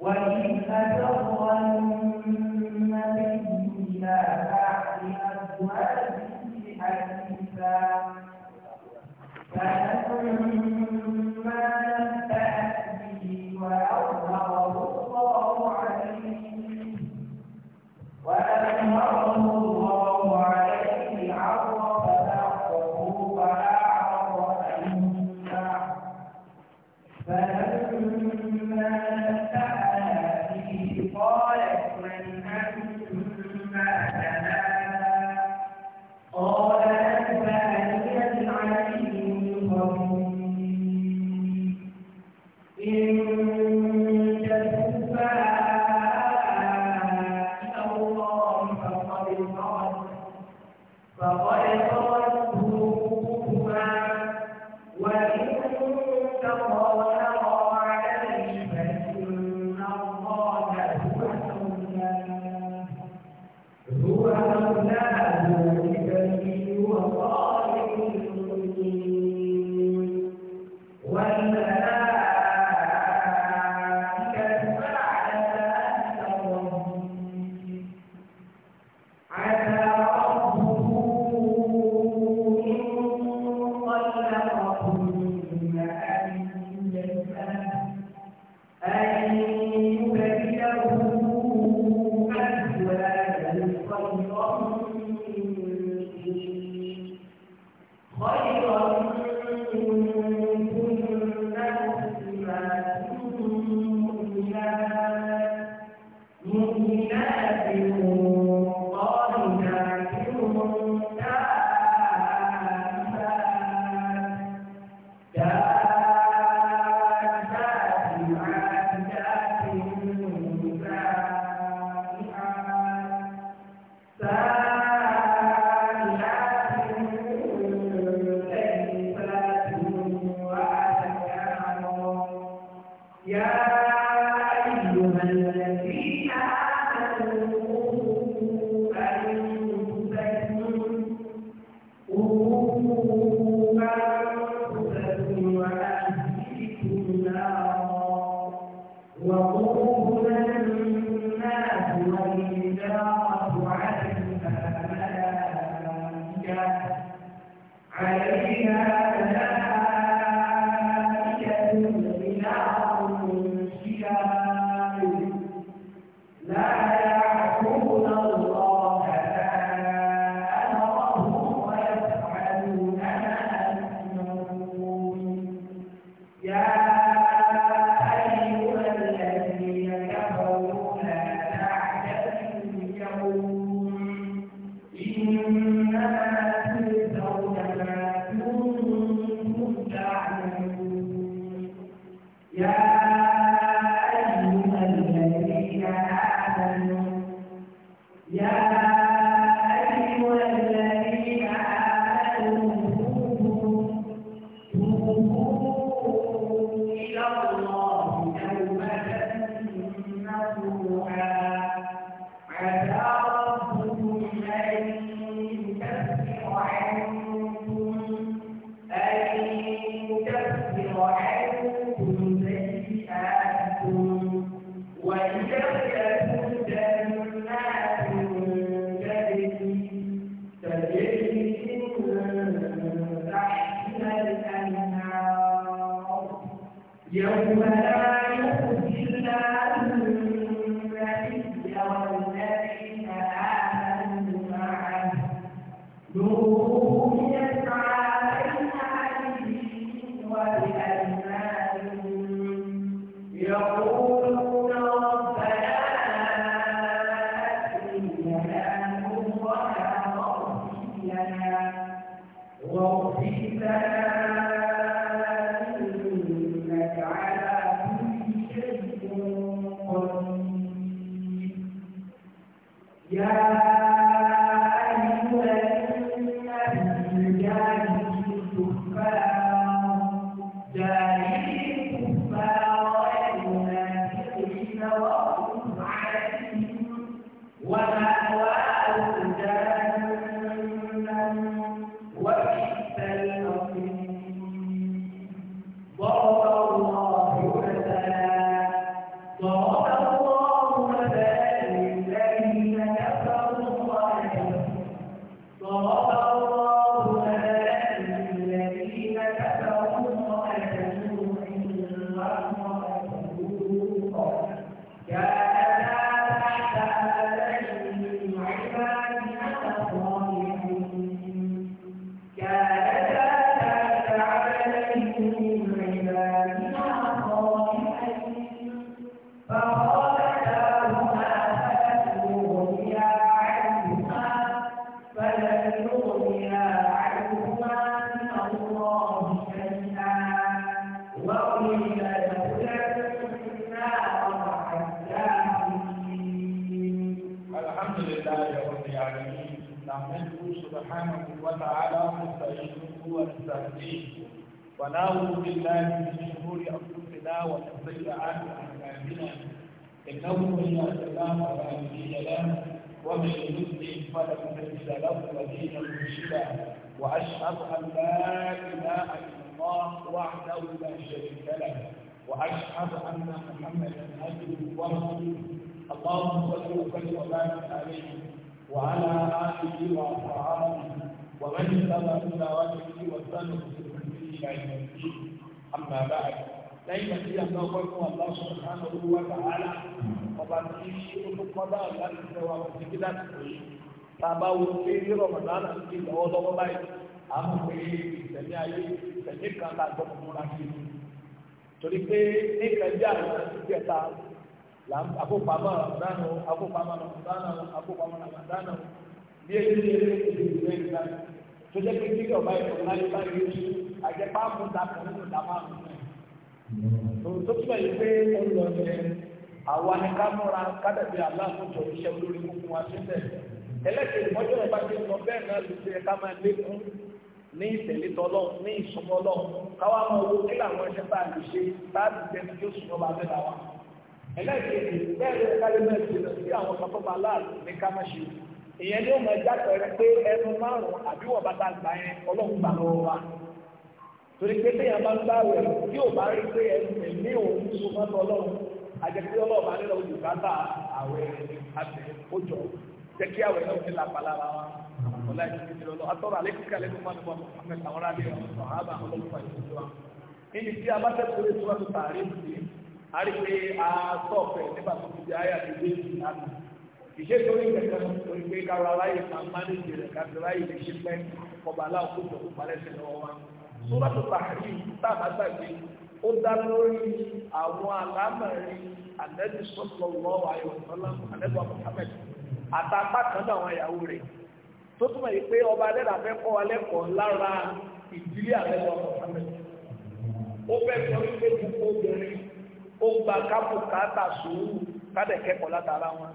وإن أتوا نحمده سبحانه وتعالى ونستعينه ونستهديه ونعوذ بالله من شرور انفسنا ومن سيئات اعمالنا انه من يهد الله فلا مضل له ومن يضلل فلا مضل له ودين مرشدا واشهد ان لا اله الا الله وحده لا شريك له واشهد ان محمدا عبده ورسوله اللهم صل وسلم وبارك عليه وعلى آله وأصحابه ومن اتبع تلاوته واستنى بسنته إلى يوم الدين أما بعد lẹ́yìn tí a lọ pẹ́ fún ọ̀la ṣùgbọ́n olúwa tààlà ọba tí ó tó kọ́dá láti fẹ́ wa wọ́n ti kí láti pè é tàbá wo pé rírọ̀ mọ̀lánà ti lọ́wọ́ lọ́wọ́ báyìí a mọ̀ pé ìtẹ̀lé ayé ìtẹ̀lé kan láti gbọ́ fún wa kí torí pé ní kẹjá àwọn ẹ̀sìn àkópamọ́ àmàdánù àkópamọ́ àmàdánù àkópamọ́ àmàdánù bí èyí ni èyí ti di ìwé ìgbà tó jẹ́ pé kíkẹ́ ọ̀bá ìfọ̀n láyé bá yé ní àjẹpá mú dàpọ̀ nínú dàpọ̀ àmì náà tó túbọ̀ yìí pé ó lọ ní àwa ni ká múra kádàbí aláàmújọ iṣẹ́ olórí kúkú wa sílẹ̀ ẹlẹ́sìn ìmọ̀jọ́ ìbá ti sọ bẹ́ẹ̀ náà ló ṣe ká máa lékún ní ìtẹ̀lítọ́lọ́ ní ìsọmọlọ́ káwá máa wo kí làwọn ẹ̀ṣẹ́ bá a lè ṣe bá a lè tẹ́ni e bẹ́ẹ̀ káyọ̀ náà ti lọ sí àwọn kan tó máa láàbù ní kámáṣe ìyẹn ni ó mọ ẹja pẹ̀lú pé ẹnu márùn-ún àbí wọ́n bá ta gbà yẹn ọlọ́run gbà lọ́wọ́ wa torí pé bá ń bá rẹ̀ tí ò bá rí pé òun mọ́ nílò ojú àwẹ̀ àti jẹ́ kí àwẹ̀ náà ti wa àríwé asọ́ọ̀fẹ̀ nígbà tó ti di ayé àdúgbò èyí àná ìṣe torí kẹ̀kẹ́ torí pé kára láyè máa má ní ìṣẹ̀lẹ̀ kára láyè lè ṣe pẹ́ ọba aláwọ̀ tó tọ̀kú palẹ́sẹ̀ lọ́wọ́ wa sọ́lá tó pàṣẹ táàbà gbàgbé ó dá lórí àwọn alámọ̀rin ànẹ́bí sọ́lọ́wọ́ ayọ̀sọ́lá ànẹ́bí Muhammad àtàpá kan náà àwọn ìyàwó rẹ̀ tó túmọ̀ yìí pé ọba adẹ́dà fẹ́ kọ́ wa lẹ́kọ̀ọ́ lára ìdílé ànẹ́bí Muhammad ó fẹ́ sọ wípé gbogbo obìnrin ó gba kápò káàtà sùúrù kádẹ̀ kẹ́kọ̀ọ́ látara wọn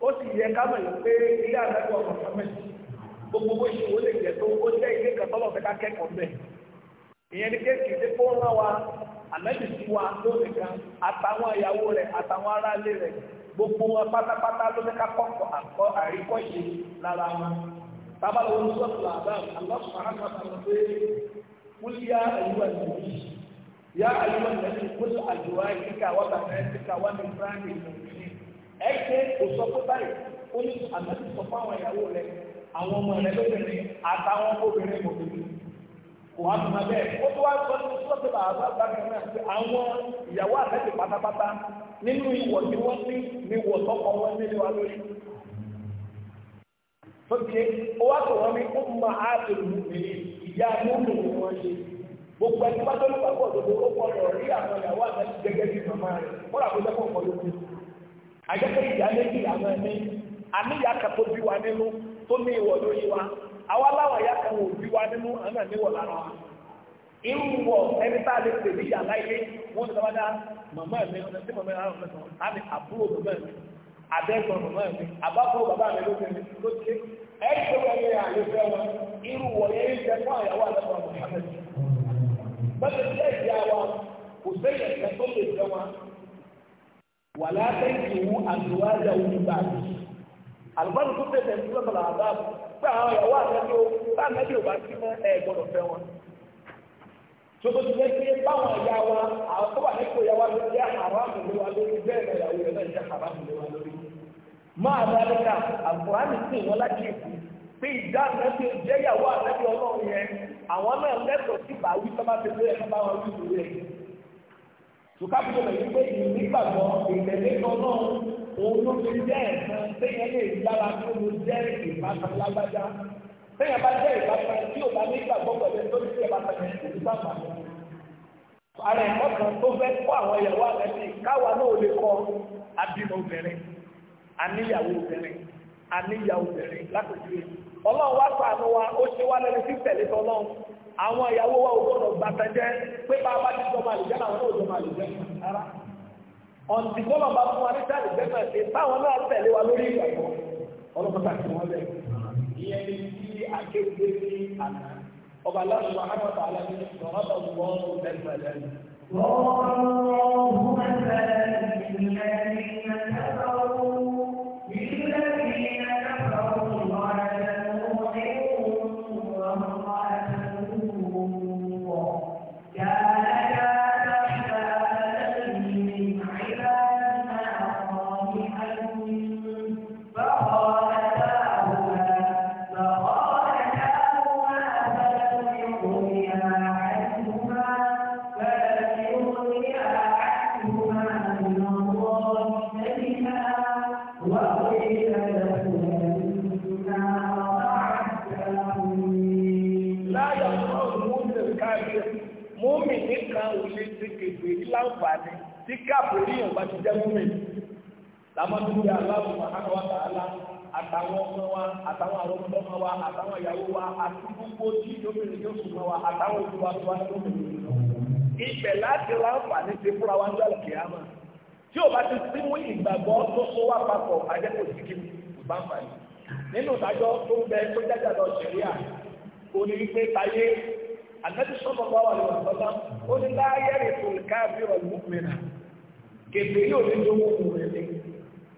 ó sì yẹ kámọ̀ yìí pé ilé àtẹ́kọ̀ọ́ ọ̀rọ̀ fẹ́mẹ́sì gbogbo bó ṣe wọlé jẹ tó ó jẹ́ ilé kan tọ́lọ̀ fẹ́ ká kẹ́kọ̀ọ́ bẹ́ẹ̀ ìyẹn ni kéèkì tí kó rán wa ànábì sí wa lónìí kan àtàwọn ìyàwó rẹ̀ àtàwọn aráalé rẹ̀ gbogbo wọn pátápátá ló fẹ́ ká kọ́kọ́ àkọ́ àríkọ́ṣe lára wọn tábàlówó ló sọ̀tù làbá àlọ́ sùn يا أيها الذين كل أزواجك وبناتك ونساء المؤمنين ẹgbẹ́ òsọ́kú báyìí ó ní àmọ́tí sọ fún àwọn ìyàwó rẹ̀ àwọn ọmọ rẹ̀ lóbìnrin àtàwọn obìnrin mòbìnrin kò wá tún ó wá sọ sọ́ọ̀tì bàbá àwọn ìyàwó pátápátá nínú tí wọ́n ní ní tọkọ wọn nílé wa lórí. tó ti ó wá ní máa ìyá gbogbo ẹni bá tọ́lú pápọ̀ òdòdó ó gbọ́dọ̀ rí àwọn ìyàwó àtàlù gẹ́gẹ́ bí màmá rẹ̀ kọ́lá kó jẹ́ pọ̀pọ̀ lókè. àjẹpẹ́ ìyá méjì àwọn ẹni bí wa nínú tó ní ìwọ̀ wa àwa láwọn ìyá bí wa nínú àwọn lára wa. wọ ẹni tá a lè pè ní ilé wọn ti sábà dá mama àmì àbúrò àbẹ́sọ̀ àbáfọ̀ bẹ́ẹ̀ ni ẹ̀yà wa kò sẹ́yìn ẹ̀ka tó lè fẹ́ wa wà látẹ̀yìn ìwú àdúrà òun gbà bí alùpàdé tó tẹ̀sẹ̀ ní sọ́kàlà àbá pé àwọn ìyàwó àtẹ́jọ́ bá àtẹ́jọ́ ò bá sí mọ́ ẹ̀ gbọ́dọ̀ fẹ́ wọn sogo ti lẹ́sẹ̀ báwọn ẹ̀yà wa àwọn tó wà nípò ìyàwó ló jẹ́ haramu lé wa lórí bẹ́ẹ̀ náà ìyàwó rẹ̀ náà àwọn náà lẹ́tọ̀ọ́ sí bàwí tọ́ba ti lé ẹ̀ka báwọn wí lórí ẹ̀. Tùkàbùkù rẹ̀ wípé ìnígbàgbọ́ ìtẹ̀lé kan náà òun ló fi jẹ́ ẹ̀sán téèyàn lè yára tó ló jẹ́ ìbátan lágbájá. Téèyàn bá jẹ́ ìbátan tí ò bá nígbàgbọ́ pẹ̀lú tó ti ìbátan yẹn kò ní bàbá yẹn. Ààrẹ ẹ̀kọ́ kan tó fẹ́ kó àwọn ìyàwó rẹ̀ sí káwa náà lè kọ́ abímọ obìnrin, àníyàwó obìnrin, àníyàwó obìnrin lápèjúwe. ọlọ́run wá sànù wa ó ṣe wá lẹ́nu sí tẹ̀lé tọ́lọ́run àwọn ìyàwó wa ò gbọ́dọ̀ pé bá a bá ti jọba àlùjẹ́ àwọn náà ò jọba àlùjẹ́ rárá ọ̀ǹtì fún wa ní ṣe táwọn náà tẹ̀lé wa lórí ìgbàgbọ́ ọlọ́pàá wọ́n lẹ̀ ìyẹn ní ní àná jẹ́ múmi làmọ́tò bí aláàbò màkàtà wa tààlà àtàwọn ọmọ wa àtàwọn àwọn ọmọ wa àtàwọn ìyàwó wa àti tí lóbìnrin yóò sùn mọ́ wa àtàwọn òbí wa tó wá ìpè láti ti fúnra wa ń tí o bá ti sí mú ìgbàgbọ́ tó papọ̀ bá ń nínú ìdájọ́ tó kèfèrí yóò ní tó mú rẹ̀ ní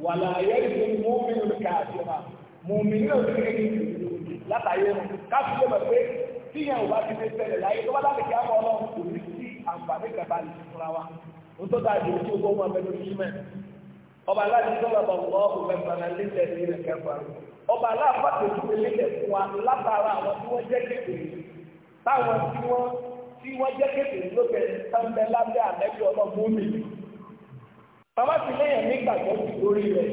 wà láàyè ìfún mọ́mìnú ní káàkiri mọ́mìnú yóò ní kékeré látàyè rẹ̀ káàkiri yóò mọ̀ pé tíyẹn ò bá ti fi ṣẹlẹ̀ láyé tó bá láti kí á mọ́ ọlọ́run kò ní sí àǹfààní kẹta lè fúnra wa ó tó dáa jù tí ó gbọ́ mọ́ abẹ́nu símẹ̀ ọba aláàbí tó tún lílẹ̀ fún wa táwọn tí wọ́n tí wọ́n jẹ́ kékeré lókè tán bẹ́ lábẹ́ àmẹ́bí ọlọ́gbọ́n bàbá ti lẹ́yìn nígbàgbọ́ jù lórí rẹ̀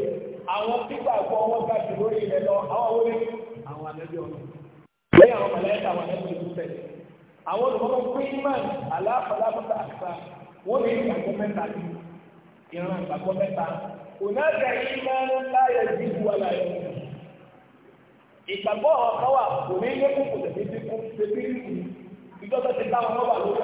àwọn gbígbàgbọ́ wọn gbà jù lórí rẹ̀ lọ àwọn wọlé àwọn àlẹ́bí ọ̀nà lẹ́yìn àwọn mọ̀lẹ́yìn àwọn àlẹ́bí ìlú bẹ̀. àwọn olùkọ́ queenman aláfọlábọ́tà àṣà wọ́n ní ìgbàgbọ́ mẹ́ta ní ìran ìgbàgbọ́ mẹ́ta onága ìmọ̀ láyé jíjú wa láyé ìgbàgbọ́ àwọn kan wà kò ní ilé kókò tẹ̀síkú tẹ̀síkú ìjọba ti táwọn kan wà lórí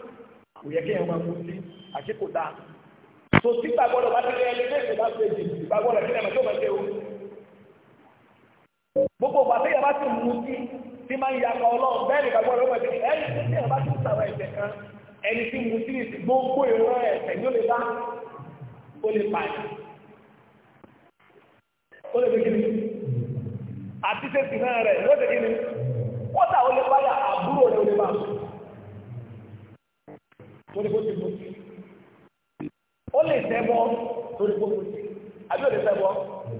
kò yẹ kí ẹ máa mú sí àti kò dáa tó tí gbàgbọ́dọ̀ bá ti rẹ ẹni lẹ́sẹ̀ bá fẹ́ jì gbàgbọ́dọ̀ kí ẹ máa tó máa ṣe o. gbogbo ìgbà tí yẹn bá ti mú sí tí máa ń ya ọkọ ọlọ́run bẹ́ẹ̀ ni gbàgbọ́dọ̀ máa ṣe ẹni tí yẹn bá ti sàwọn ẹ̀ṣẹ̀ kan ẹni tí mú sí gbogbo ìran ẹ̀ṣẹ̀ ni ó lè bá ó lè pààyàn ó lè fi kiri àti sẹ́sì náà rẹ̀ ló torí kó ti mutí ó lè ṣẹbọ torí kó mutí àbí ó lè ṣẹbọ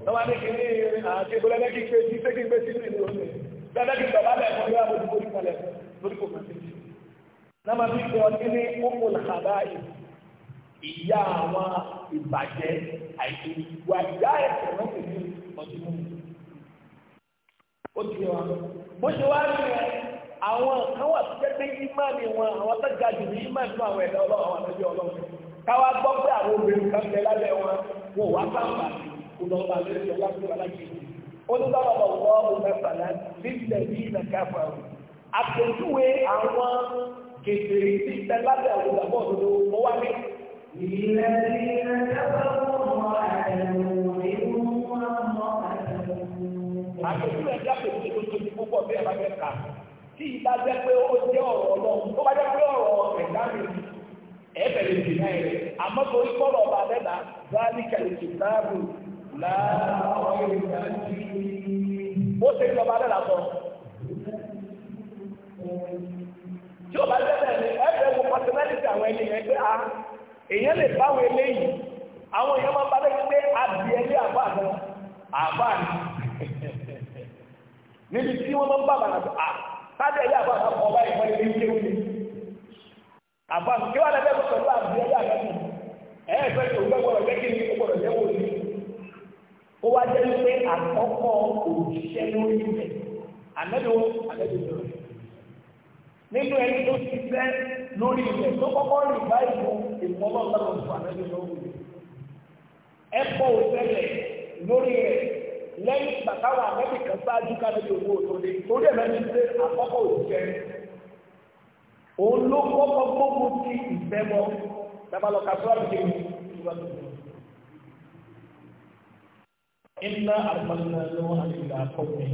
lọ́wọ́ ní kíní àti ìbúlẹ̀ lẹ́kì pé tí sẹ́kì pé sínú ìlú òní lẹ́lẹ́ kí bàbá bẹ̀ fún yàrá òdìbò ní kalẹ̀ torí kó mutí náà bí kò ní ní ọmọ làbá ìyá àwọn ìbàjẹ́ àìsí wà ìyá ẹ̀sẹ̀ náà kò ní ọdún mú ó ti wá bó ṣe wá rí ẹ àwọn kan wà tó pépé ìmáàmì wọn àwọn tó ga jù ní ìmáàmì fún àwọn ẹ̀dá ọlọ́run àwọn àtẹ́jọ́ ọlọ́run káwá gbọ́ pé àwọn obìnrin kan bẹ lábẹ́ wọn wọn wá pàmpà kó lọ bá lórí ọlá tó wà láti ìlú ó ní bábà bá wọ́ ọ́ mẹ́fàlá nílẹ̀ ní ilẹ̀ káfà o àpèjúwe àwọn kèfèrè tí ìtẹ́ lábẹ́ àwọn ìgbàgbọ́ òdodo ó wá ní. ilẹ̀ ní ilẹ̀ káfà ó mọ tí ìbá jẹ́ pé ó jẹ́ ọ̀rọ̀ ọlọ́run tó bá jẹ́ pé ọ̀rọ̀ ẹ̀dá mi ẹ̀bẹ̀ lè dì náà rẹ̀ àmọ́ torí kọ́lọ̀ ọba abẹ́dà báàlì kẹ̀lẹ́sì báàbù láàárọ̀ ah, àwọn èèyàn máa ń bá pé adìẹ lé àbá àbá àbá níbi tí wọ́n máa ń bá bàrà kájọ yà bá ọba ìfọdé ní kéwù ni àbá kí wà lẹ́gbẹ́ gbọ́dọ̀ lọ àbí ẹ̀yà lẹ́nu ẹ̀ ẹ̀ fẹ́ tó gbẹ́gbọ́dọ̀ jẹ́ kí ni ó gbọ́dọ̀ jẹ́ wò ni ó wá jẹ́ pé àkọ́kọ́ òṣìṣẹ́ lórí rẹ̀ àmẹ́lò àmẹ́lò lórí nínú ẹni tó ti fẹ́ lórí rẹ̀ tó kọ́kọ́ rí báyìí ìfọlọ́sọ̀rọ̀ fún àmẹ́lò lórí rẹ̀ ẹ̀kọ́ òṣèlè lórí rẹ̀ lẹ́yìn ìgbà táwọn àmẹ́bí kan ṣáájú kánẹ́bí owó tó dé torí ẹ̀rọ ní pé àkọ́kọ́ òṣìṣẹ́ òun ló kọ́kọ́ gbógun ti ìfẹ́ mọ́ dábàlọ́ kásúrà ti ní ìwà tó dé. إنا أرسلنا نوحا إلى قومه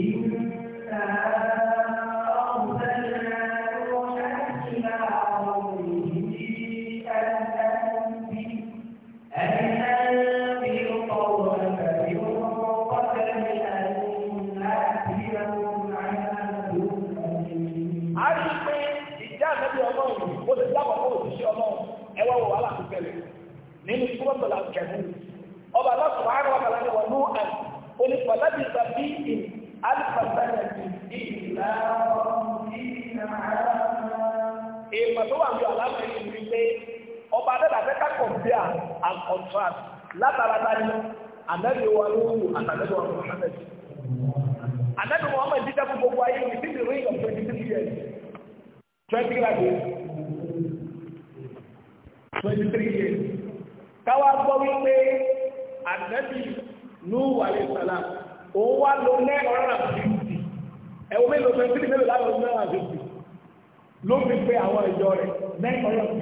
إنا lọ́sọ̀ la jẹ̀mú. ọba lọ́sọ̀ wa ara wàkàlà ni wọ́n mú àyè onípa láti ìgbà bí i káwá gbọ́ wípé ànábì Nuhu alayhi òun wá lo nine hundred and fifty ẹ̀wọ̀n mélòó twenty mélòó láwọn nine hundred and ló fi pé àwọn ìjọ rẹ̀ nine hundred and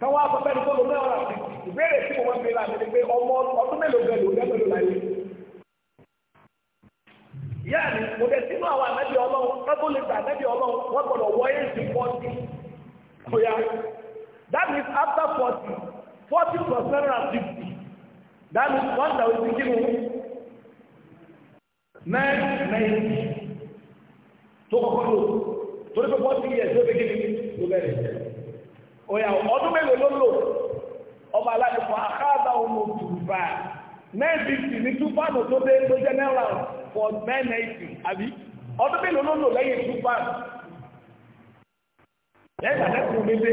káwá gbọ́ bẹ́ẹ̀ ni kó lo nine ìbéèrè tí wọ́n fi láàmì ni pé ọmọ ọdún mélòó bẹ́ẹ̀ ló dẹ́ mélòó láyé yáàni kò dẹ̀ sínú àwọn ànábì ọlọ́run that means after forty forty percent of the sixty that is one thousand kilo nine ninety tó kọ́kọ́ lò torí pé forty years ló fi kí ni ló bẹ̀rẹ̀ òyà ọdún mélòó ló lò ọba aláàbò fún akáàbà ọmọ òtùbà nine fifty ní two pound tó dé tó jẹ́ náírà for nine ninety àbí ọdún mélòó ló lò lẹ́yìn two pound lẹ́yìn àdẹ́kùn mi dé.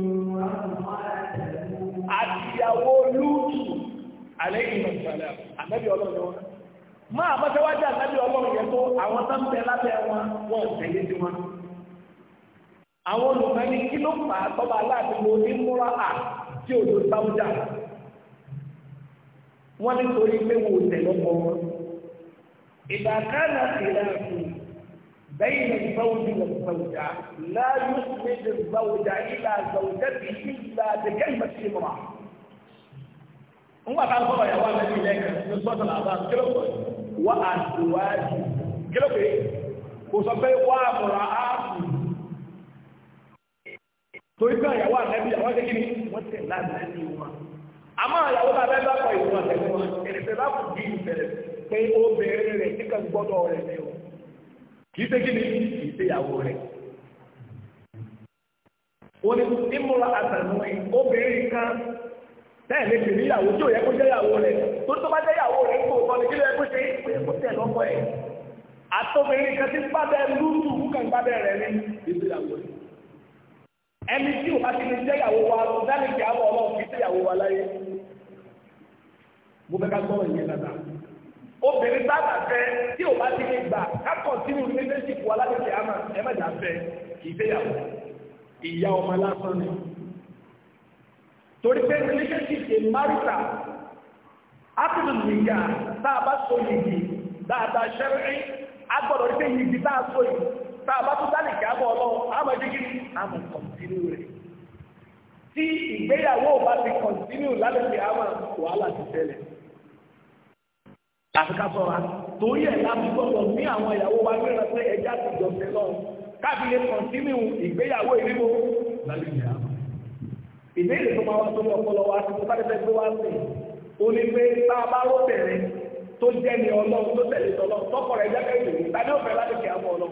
àtìyàwó lúùtù àlẹ́yìn ìmọ̀sálà ànábì ọlọ́run wọn máa mọ́tẹ́wájú ànábì ọlọ́run yẹn tó àwọn tó ń tẹ lábẹ́ wọn wọ́n tẹ̀lé sí wọn. àwọn olùkọ́ni kí ló fà á tọ́ba aláàbí lo ìmúra à tí òjò sáwùjà wọ́n nítorí pé wò tẹ̀ wọn. ìgbà kan náà ìlànà بين الزوج والزوجة لا يسند الزوج إلى زوجته إلا بكلمة امرأة هو قال بابا يا وانا دي لك من صوت الأذان كلوك وأزواجي كلوك وصبي وامرأة torí pé àyàwó àtẹ́bí àwọn ṣe kí ni wọ́n tẹ̀ láàrín ní wọn àmọ́ àyàwó tàbí ẹgbẹ́ àpọ̀ ìwọ̀n àtẹ̀wọ̀n ẹ̀rẹ̀fẹ̀ bá kù bí ìbẹ̀rẹ̀ pé ó bẹ̀rẹ̀ rẹ̀ tí kan gbọ́dọ̀ rẹ̀ ní o kì í ṣe kí ni kì í ṣe ìyàwó rẹ̀. ó ní ìmúra àtàlùmí obìnrin kan bẹ́ẹ̀ lè pè tí ò yẹ kó tó tó bá kó o kọ́ni kí ló yẹ kó ṣe é kó tẹ̀ lọ́kọ̀ ẹ̀. àtọ́bìnrin kan ti gbábẹ́ lúdù kàn gbábẹ́ rẹ̀ ní ìlú ẹni tí bá ti lè jẹ́ ìyàwó wa dánìkì àwọ̀ kì obìnrin sábà fẹ́ tí ò bá ti ní gbà kákọ̀ sínú relationship wa lábẹ́sẹ̀ àmà ẹ̀mẹ́jà fẹ́ kìí fẹ́yàwó ìyá ọmọ lásán ni torí pé relationship ṣe marita ápùlù nìyà tá a bá so yìí dáadáa ṣẹ́rẹ́ agbọ́dọ̀ rí pé yìí tá a so yìí tá a bá tún dálì kí a bọ̀ ọlọ́run àmọ́ jíjí àmọ́ kọ̀ǹtínú rẹ̀ tí ìgbéyàwó bá ti kọ̀ǹtínú lábẹ́sẹ̀ àmà wàhálà ti tẹ́lẹ̀ àfikà sọ̀rọ̀ torí ẹ̀ láti gbọ́dọ̀ ní àwọn ìyàwó wa ní ẹ̀rọ pé ẹja ti jọ sí lọ káàbí lè kọ̀ntínú ìgbéyàwó ìrírò lálẹ́ ìyá. ìbéèrè tó máa wá sórí ọpọlọ wa ti bá tẹ́tẹ́ gbé wá sí i ó ní pé bá a bá ró bẹ̀rẹ̀ tó jẹ́ ni ọlọ́run tó tẹ̀lé tọ́lọ́ tọ́kọ̀ rẹ̀ jákè ìdòwú ta òfẹ́ láti kí a mọ̀ lọ.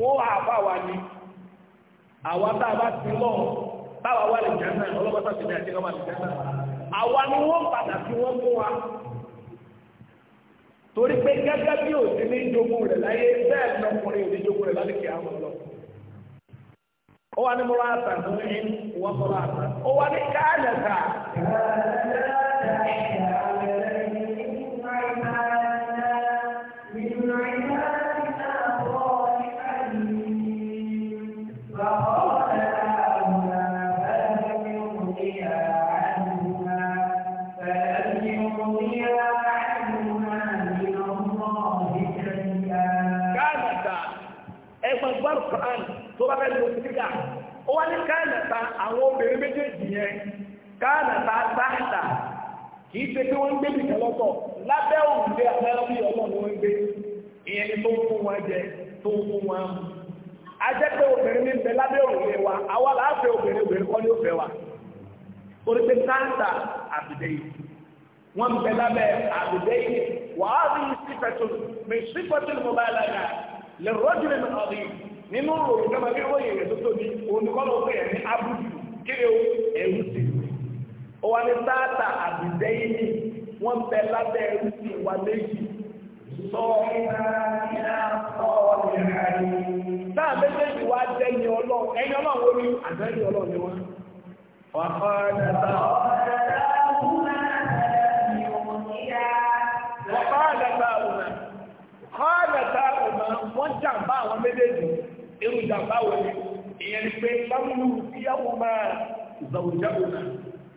wọ́n á fà wá ní àwa tá a bá ti lọ táwa wà lè jẹ́ náà ọlọ́pàá torí pé gẹ́gẹ́ bí òsì ní jogún rẹ̀ láyé bẹ́ẹ̀ ni ọkùnrin òsì jogún rẹ̀ lálẹ́ kí á mọ̀ lọ. ó wà ní mo wá àtàkùn ní wọ́n kọ́ àtàkùn ó wà ní káàdà káà. kìí ṣe pé wọ́n ń gbé nìkan lọ́tọ̀ lábẹ́ òun gbé abẹ́rẹ́bí ọlọ́run wọ́n ń gbé ìyẹn ni tó ń fún wọn jẹ tó ń fún wọn mu. a jẹ́ pé obìnrin ní bẹ lábẹ́ òrùlé wa àwa là á fẹ́ obìnrin obìnrin kọ́ ní ó wa. torí pé káńtà àbùdẹ́ yìí wọ́n ń bẹ lábẹ́ àbùdẹ́ yìí wà á rí sípẹ̀tù mi sípẹ̀tù ni mo bá lára lè rọ́jú mi ọ̀rí nínú òrùn kí ó wá tata táàtà wa táà méjèèjì wá jẹ́ ọlọ́run ẹni ọlọ́run ni ọlọ́run ni wọ́n. wà á kọ́ ẹ̀ ẹ̀ na wọ́n kọ́ ẹ̀ ẹ̀ sáà wọ́n jàmbá àwọn méjèèjì irú na wọlé ìyẹn ni pé máa náà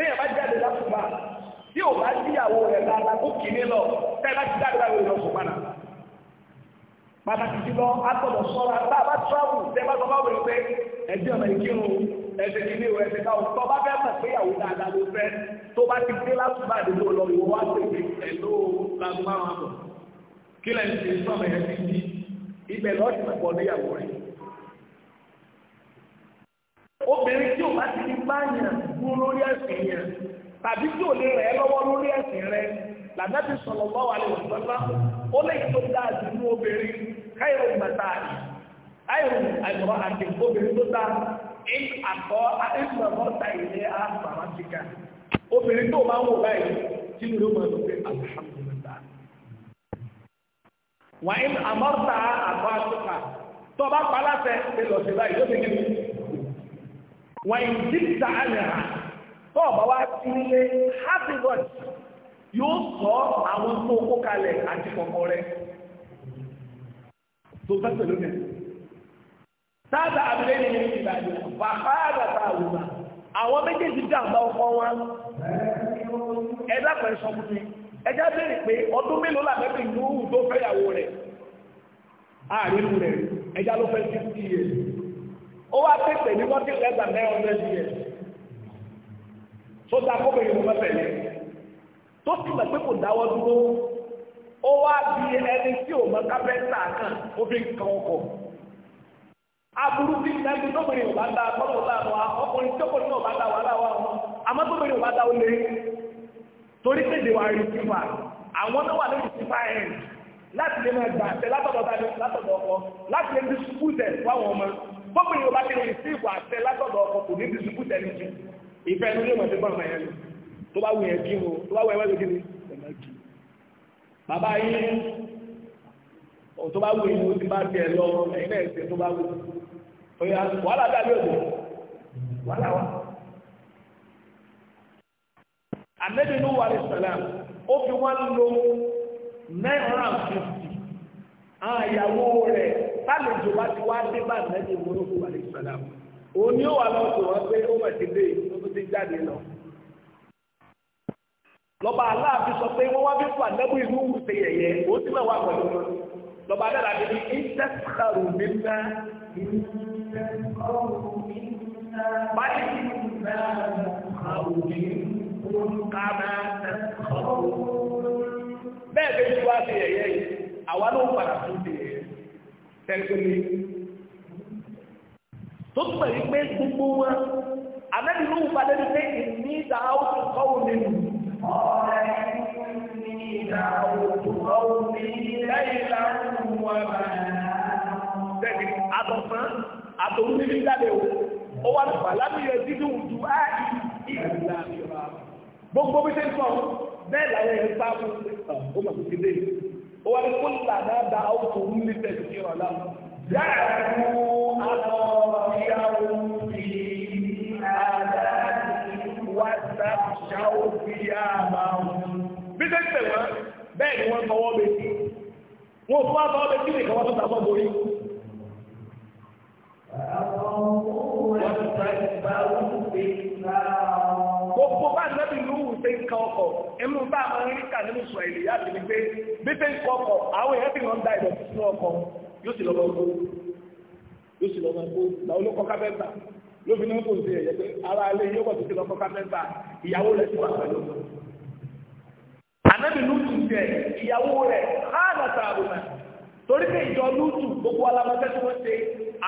bẹ́ẹ̀ bá jáde lásùpá tí ò bá díyàwó rẹ̀ dáadáa kó kìíní lọ bẹ́ẹ̀ bá ti jáde láwùjọ lọ sùpá náà pàtàkì jùlọ agbọ́dọ̀ sọ́ra bá a bá tíráwù tẹ́ bá sọ́ra wẹ̀ pé ẹ̀jẹ̀ ọ̀nà ìkírun ẹ̀sẹ̀ kìíní rẹ̀ ẹ̀sẹ̀ káwọn tó bá fẹ́ mọ̀ péyàwó dáadáa ló fẹ́ tó bá ti dé lásùpá àdúgbò lọ ìwọ wá pèsè ẹ̀ló làgbọ́n àwọn àbọ̀ kí lẹ́yìn tí sọ́mọ̀ ẹ̀ ti di ibẹ̀ lọ́ọ̀dì pọ̀ níyàwó rẹ̀ obìnrin tí o bá ti di báyàn dúró lórí ẹ̀sìn yẹn tàbí tí o lè rẹ̀ ẹ́ lọ́wọ́ lórí ẹ̀sìn rẹ̀ lànàbí sọ̀rọ̀ lọ́wọ́ alẹ́ òṣùpá ó lè tó dáa ju inú obìnrin káyọ̀ gbàtà káyọ̀ àìsàn àti obìnrin tó dáa ní àkọ́ obìnrin tó máa ń wò báyìí tí ló máa ń pè àmọ́ta àtúkà tó bá pa wọ́n yìí dìtà àyàrá tó ọ̀bá wá sí ilé happy god yóò sọ àwọn tó kó kalẹ̀ àti kọ̀kọ̀ rẹ̀ tó fẹ́ pẹ̀lú mi. sáàtà àbílẹ̀ ní ìlú ìbàdàn bàbá àgbàtà àwùjọ àwọn méjèèjì jàǹbá ọkọ wọn ẹ dápẹ́ sọ fún mi ẹjá béèrè pé ọdún mélòó làbẹ́bí ìlú tó fẹ́yàwó rẹ̀ àárín rẹ̀ ẹjá ló fẹ́ sí ti yẹ ó wá pèsè ní wọ́n ti lẹ́sà nine hundred years tó ta kóbè yìí wọ́n tẹ̀lé tó sì mọ̀ pé kò dáwọ́ dúró ó wá di ẹni tí ò mọ kápẹ́ńtà kan ó fi ń kan ọkọ̀ aburú ti ń dájú tóbìnrin ò bá dá tọ́lọ̀ bá wa ọkùnrin tóbìnrin ò bá dá wàhálà wa wọn àmọ́ tóbìnrin ò bá dá ó lé torí pèsè wa rí sí wa àwọn náà wà lórí sí fáyẹn láti lè máa gbà tẹ látọ̀dọ̀ tani láti lè fi sùkúù tẹ̀ fáwọn ọmọ bọ́pọ̀ yóò bá ti rìn sí ìwà àtẹ látọ̀dọ̀ ọkọ̀ kò ní dìsúkú tẹ̀lé jù ìfẹ́ inú yóò mọ̀ sí gbọ́n mẹ́rin tó bá wù yẹn kí o tó bá wù yẹn wẹ́lú kí ni ẹ̀mọ́ kí bàbá yín tó bá wù yín ó ti bá tiẹ̀ lọ ẹ̀yin náà ṣe tó bá wù ọ̀yà wàhálà dàbí òde wàhálà wa. àdébí inú wa sàlám ó fi wọ́n lo nine hundred and fifty àwọn rẹ̀ lálejò bá ti wá dé bá nàbí ìmúlòkù àlẹ́sàlámù òun ni ó wà lọ sọ wọn pé ó mà ti dé tó tó ti jáde lọ. lọ́ba aláàfin sọ pé wọ́n wá bí fún àdẹ́gbò ìlú ṣe yẹ̀yẹ́ ó sì máa wà pẹ̀lú wọn. lọ́ba adára mi ní ìtẹ́sàrù mi ná. báyìí ti ná àrùn mi ká máa tẹ̀sán. bẹ́ẹ̀ bí wọ́n wá ṣe yẹ̀yẹ́ yìí àwa ló ń padà tún ṣe yẹ̀yẹ́ tẹ́lifíní tó túmọ̀ yìí pé gbogbo wa ànábì ló wù padà ní pé ìní ìdá àwòtò kọ́wò nínú. ọ̀rẹ́ ìní ìdá àwòtò kọ́wò nínú lẹ́yìn láwùjọ wọn máa. bẹ́ẹ̀ni àtọ̀sán àtòun níbi jáde o ó wà lùpà lábìyẹ dídùn ju áì gbogbo bí ṣe ń sọ bẹ́ẹ̀ làwọn ẹ̀ sáà fún ọmọ tuntun dé ó wá ní kó nígbà dáadáa ó tó ń lé tẹ̀sí sí ọ̀la. dáàbò àwọn ìyàwó ti àdáàbò wá sáfìṣàwò sí àmà wọn. bí Gbogbo bá nẹ́bí lúwù ṣe ń ka ọkọ̀, ẹmú bá máa ń nínú sọ èlè yá ní pé bí ṣe ń kọ ọkọ̀, àwọn èèyàn ti rán da yosiri sínú ọkọ̀, yóò sì lọ́mọ gbó, yóò sì gbó, olókọ́ kò ẹ̀yẹ pé ara yóò kọ̀ tó ti lọ́kọ́ ìyàwó rẹ̀ Ànẹ́bí jẹ ìyàwó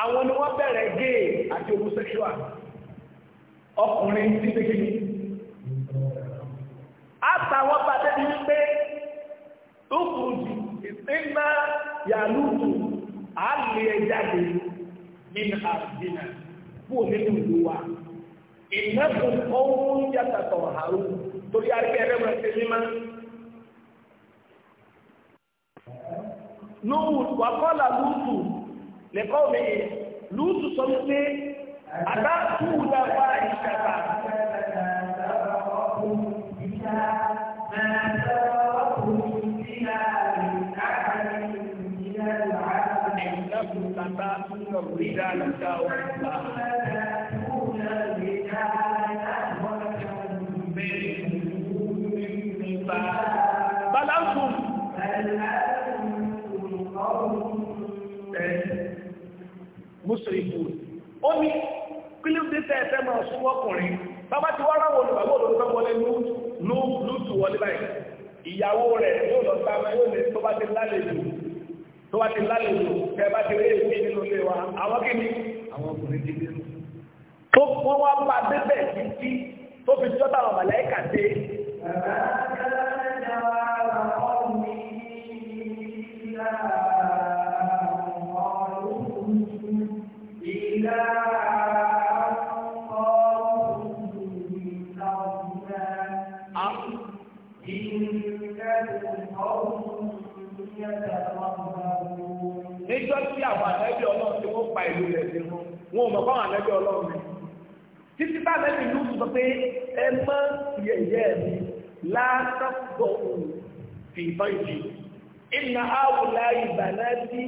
àwọn ni wọ́n bẹ̀rẹ̀ gay àti homosexual ọkùnrin tí pékeré àtàwọn bàtẹ ní pé tókùnjù ìpínlẹ̀ yàlùkù àlè ẹjáde nínú àbínà kú nínú ìlú wa ìnáfún ọwọ́ yàtàtọ̀ àrùn torí àríkẹ́ ẹgbẹ́ mọ̀ sí mímọ́ lóhùn wàkọ́là lóhùn lẹ́kọ́ mi lùtù sọ wípé àdákùúdà wà ìṣàkà Balansun. mùsùlùmí ó ní kílíọ̀dé tẹ́ ẹ̀fẹ́ máa súnmọ́ ọkùnrin bàbá ti wá ráwọ̀ olùgbàgbọ́ olùgbà wọlé lóòtù wọlé báyìí ìyàwó rẹ̀ yóò lọ sí àwọn yóò lè tó bá ti lálejò tó bá ti lálejò tẹ́ bá ti rí èyí nínú ilé wa àwọn kí ni àwọn ọkùnrin ti dé nù. tó wọ́n wá bá débẹ̀ títí tó fi jọ́ta àwọn màlẹ́kà dé. àwọn àtẹ́bí ọlọ́run tí wọ́n pa ìlú rẹ̀ sí wọn wọn ò mọ̀ fáwọn àtẹ́bí ọlọ́run rẹ̀ títí bá àtẹ́bí ìlú sọ pé ẹ mọ́ yẹ̀yẹ́ mi látọ̀gbọ̀ fi ìbọn ìdí ìnà àwòlá ìbànà sí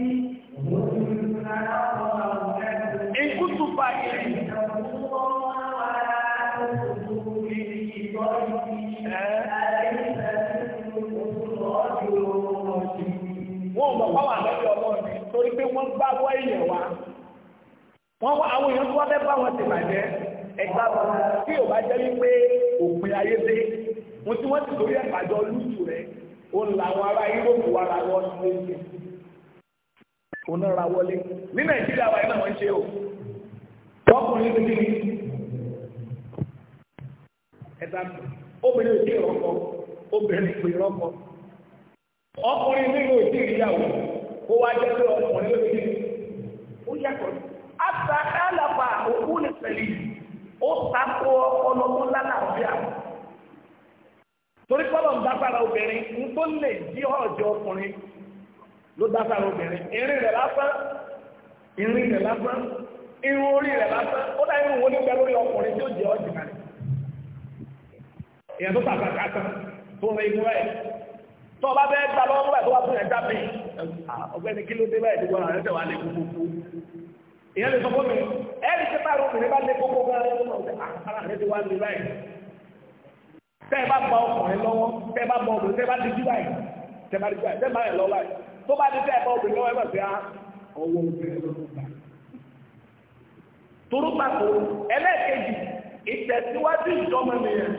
ìkútùfà ìlú èèyàn wa wọ́n wá àwọn èèyàn tó wá fẹ́ bá wọn ti bàjẹ́ ẹgbà wọn tí ò bá jẹ́ wípé òpin ayé dé wọn tí wọ́n ti torí ẹ̀bàjọ́ lùtù rẹ̀ òun làwọn ará yúróòpù wa ra wọn lé ṣe òun náà ra wọlé ní nàìjíríà wa iná wọn ṣe o tọkùnrin ti ní ẹ̀dá obìnrin ò tí ì obìnrin kò ì rọ́kọ ọkùnrin nínú ò tí kó wá jẹ́ pé ọkùnrin ló ti ní kẹ́kọ̀ọ́ àtà àlàfà òkú lè pẹ̀lú ó sàkó ọpọlọ tó lálàáfíà torí pọ́lọ̀ ń dábàrà obìnrin ń tó lè jí ọ̀jọ́ ọkùnrin ló dábàrà obìnrin ìrìn rẹ̀ lásán ìrìn rẹ̀ lásán irun orí rẹ̀ lásán ó dá irun wo ní pẹ̀lú orí ọkùnrin tí ó jẹ́ ọ̀jìnà rẹ̀ ìyẹn tó sàkàkà tán tó rìn inú ẹ̀ tó bẹ́ẹ̀ gbà lọ́wọ́ ọgbẹ́ni kí ló dé báyìí tó gbọ́nà àrẹ́tẹ̀ wà lè gbogbo ìyẹn lè sọ fún mi ẹ̀rì tí báyìí obìnrin bá lè gbogbo gan-an ara ah, rẹ̀ ti wá lè báyìí tẹ́ ẹ bá gba ọkùnrin lọ́wọ́ tẹ́ ẹ bá gba ọkùnrin tẹ́ ẹ bá di jú báyìí tẹ́ ẹ bá di jú báyìí tẹ́ ẹ bá rẹ̀ lọ báyìí tó bá di tẹ́ ẹ bá obìnrin lọ́wọ́ ẹ bá fi á ọwọ́ obìnrin lọ́wọ́ gbà torúpàtó ẹlẹ́ẹ̀kejì ìtẹ̀síwájú ìjọmọ̀nìyàn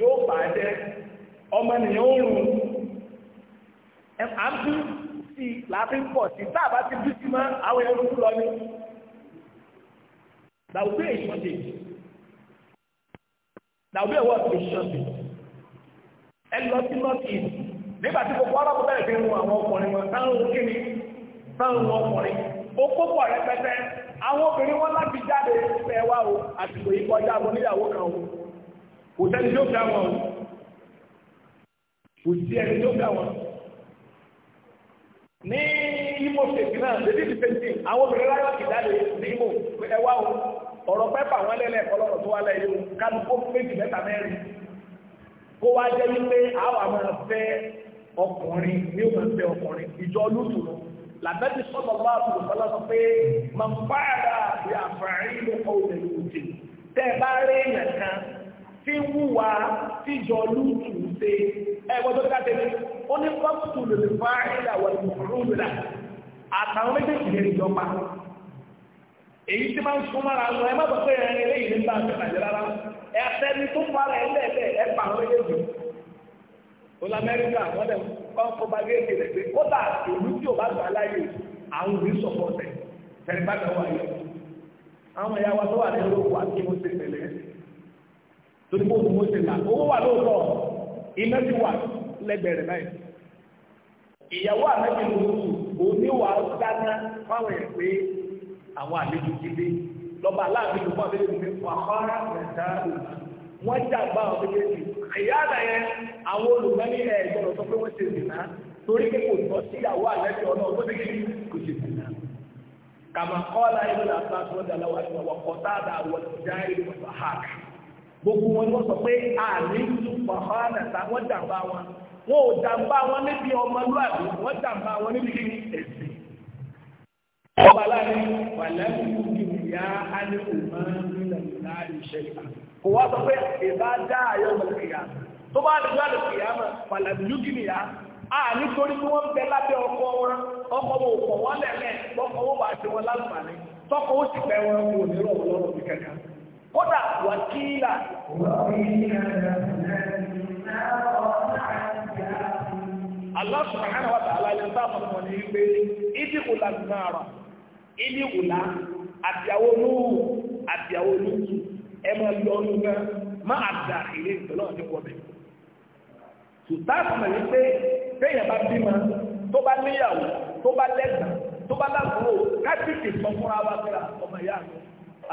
yóò bàjẹ́ ọmọnìyàn ó rùn à ń bí sí láti ń pọ̀ sí tá a bá ti dú sí mọ́ àwọn ẹ̀rọ kú lọ ní. Dàwùgbé èyí ṣe. Dàwùgbé ẹ̀wọ́ ti ṣọ́ọ̀tì. Ẹ lọ sí Nọ́ọ̀tì nígbà tí gbogbo ọlọ́pàá bẹ̀rẹ̀ fi ń wo àwọn ọkùnrin wọn táwọn òkìní táwọn ọkùnrin. Ó kópọ̀ rẹpẹtẹ. Àwọn obìnrin wọn láti jáde fẹ́ wá o àsìkò yìí kọjá àwọn oníyàwó kan o. Kò sẹ́ni tó fẹ́ wọn Kò sí ẹni tó fẹ́ wọn ní Imo state náà lady the same thing àwọn obìnrin láyọ̀ kìdáde ní Imo ẹ wá o ọ̀rọ̀ pẹ́pà wọn lẹ́lẹ̀ ọlọ́rọ̀ tó wá lẹ́yìn o kálukó méjì mẹ́ta mẹ́rin kó wá jẹ́ wípé àwọn àmọ́ fẹ́ ọkùnrin ní òun fẹ́ ọkùnrin ìjọ lùtù lọ làbẹ́bí sọ́dọ̀ bá àtúntò sọ́lá sọ pé màá fàdà bí àfààní ló kọ́ òun lè lù tí ń wúwa tíjọ lúùtù ṣe ẹgbẹ́ tó dáa tẹ́lẹ̀ ó ní kọ́pùtù lè fa ìlà wà lùmùrùmùlà àtàwọn méjèèjì yẹn ìjọ pa èyí tí máa ń sún mọ́ra lọ ẹ má bọ̀ pé ẹ̀rín eléyìí nígbà tó nàìjíríà rárá ẹ fẹ́ni tó fara ẹ lẹ́ẹ̀lẹ́ ẹ pa àwọn méjèèjì olú amẹ́ríkà wọ́n dẹ̀ kọ́ fún bagéèjì rẹ̀ pé kódà ìlú tí ò bá gbà láàyè àwọn òbí sọ̀pọ̀ tẹ̀ fẹ́rẹ́ bá tẹ̀ wáyé àwọn ìyá wa tó wà ní olóko àti mo ti tẹ̀lé torí pé òun mọ́tò là owó wà lóòótọ́ iná ti wà lẹ́gbẹ̀rẹ̀ báyìí ìyàwó àmẹ́jì lòlù òun ní wàá dáná fáwọn ẹ̀ pé àwọn àlejò jíde lọ́ba aláàbíyò fún abẹ́rẹ́ mi wà fárá ẹ̀dá òun wọ́n jàgbá àwọn méjèèjì ìyá àná yẹn àwọn olùmọ́ni ẹ̀ gbọ́dọ̀ sọ pé wọ́n ṣe dènà torí pé kò tọ́ sí ìyàwó àlẹ́bí ọ̀nà ọ̀gbọ́dọ̀ kí kò ṣe dènà kàmá kọ́lá ìlú làbá tó dáná wà ní gbogbo wọn ni wọ́n sọ pé àní ìtùpà fáánàtà wọ́n jàǹbá wọn wọn ò jàǹbá wọn níbi ọmọlúwàbí wọ́n jàǹbá wọn níbi kí ẹ̀sìn. ọba láàrin wàlẹ́kùn ìyá alẹ́kùn máa ń rí nàìjíríà ìṣẹ̀lẹ̀ kò wá sọ pé ìbá dá ayọ́ mọ̀lẹ́kìyà tó bá dùn àlùkìyà mọ̀ wàlẹ́kùn yúgìnìyà a nítorí tí wọ́n bẹ lábẹ́ ọkọ wọn ọkọ wọn ò pọ̀ wọ́n lẹ̀lẹ́ ọkọ wọn wà á ti wọn lálùmọ̀ ní tọkọ ó sì pẹ́ wọn kò ní rọ̀ kódà wàkílà. Allah subhanahu wa ta'ala ní sáà fún wọn ní pé ìdí ìwòlá náírà ìdí ìwòlá àbíyàwó lóòrùn àbíyàwó lóòrùn ẹ máa lọ ọdún gan má àdá ìlé ìtọ́lọ́ ọdún wọ̀bẹ̀. sùtáà fún ní pé téèyàn bá bímọ tó bá níyàwó tó bá lẹ́gbàá tó bá lágbóró kábíyèsí sọ wa fẹ́ra ah, ọmọ ìyá mi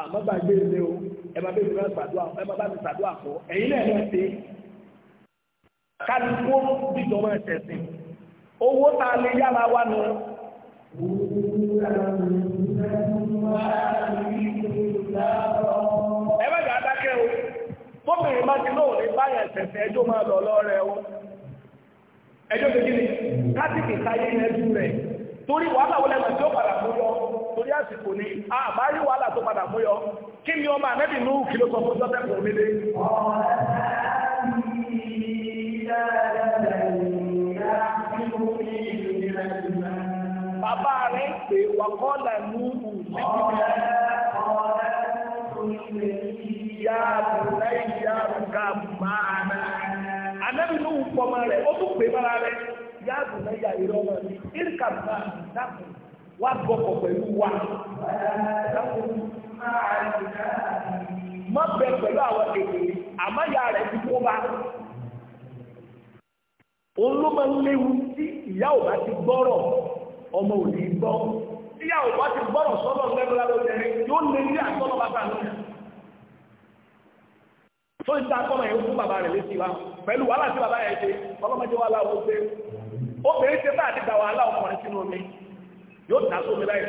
àmọ́ gbàgbé ilé o ẹ máa bẹ́ẹ̀ bẹ́ẹ̀ ṣàdúrà ẹ máa bá mi ṣàdúrà fún ẹ̀yin náà máa ṣe kálukú bíjọ máa ṣẹ̀sìn owó tá a lè yára wa nù. ẹ má jà dákẹ́ o gómìnà má ti lóòrè báyà ṣẹ̀sìn ẹjọ́ máa lọ lọ́rẹ̀ o ẹjọ́ kejì ni kátìkì káyé ẹjú rẹ̀ torí wàhálà wọlé màá tí ó padà fún yọ torí àsìkò ní àbáyé wàhálà tó padà múyọ kí ni ọmọ àmẹ́bì ní kí ló sọ fún sọ́tẹ́kùn omi lé bàbá rẹ̀ pé wàkọ́lá ní Ànábì ló ń pọ̀ mọ́ rẹ̀, ó tún pè mọ́ra rẹ̀, yáàbù náà yà ìrọ́mọ̀ ní, ìrìkàbà dákùn wá gbọ́kọ̀ pẹ̀lú wa. Má bẹ pẹ̀lú àwọn èdè àmọ́ ìyá rẹ̀ ti kó bá. Òun ló máa ń léwu tí ìyá ò bá ti gbọ́rọ̀ ọmọ ò ní gbọ́. Tí ìyá ò bá ti gbọ́rọ̀ sọ́dọ̀ lẹ́gbẹ̀rẹ́ lọ́sẹ̀rẹ́ yóò lé ní àtọ́nà bàbá mi. Tó ń ta akọ́mọ̀ yẹn fún bàbá rẹ̀ létí wa pẹ̀lú wàhálà tí bàbá yẹn ṣe ọlọ́mọdé wàhálà ó gbé. Obìnrin ṣe bá àti gbà wàhálà ọkùnrin sínú omi yóò dá sómi láì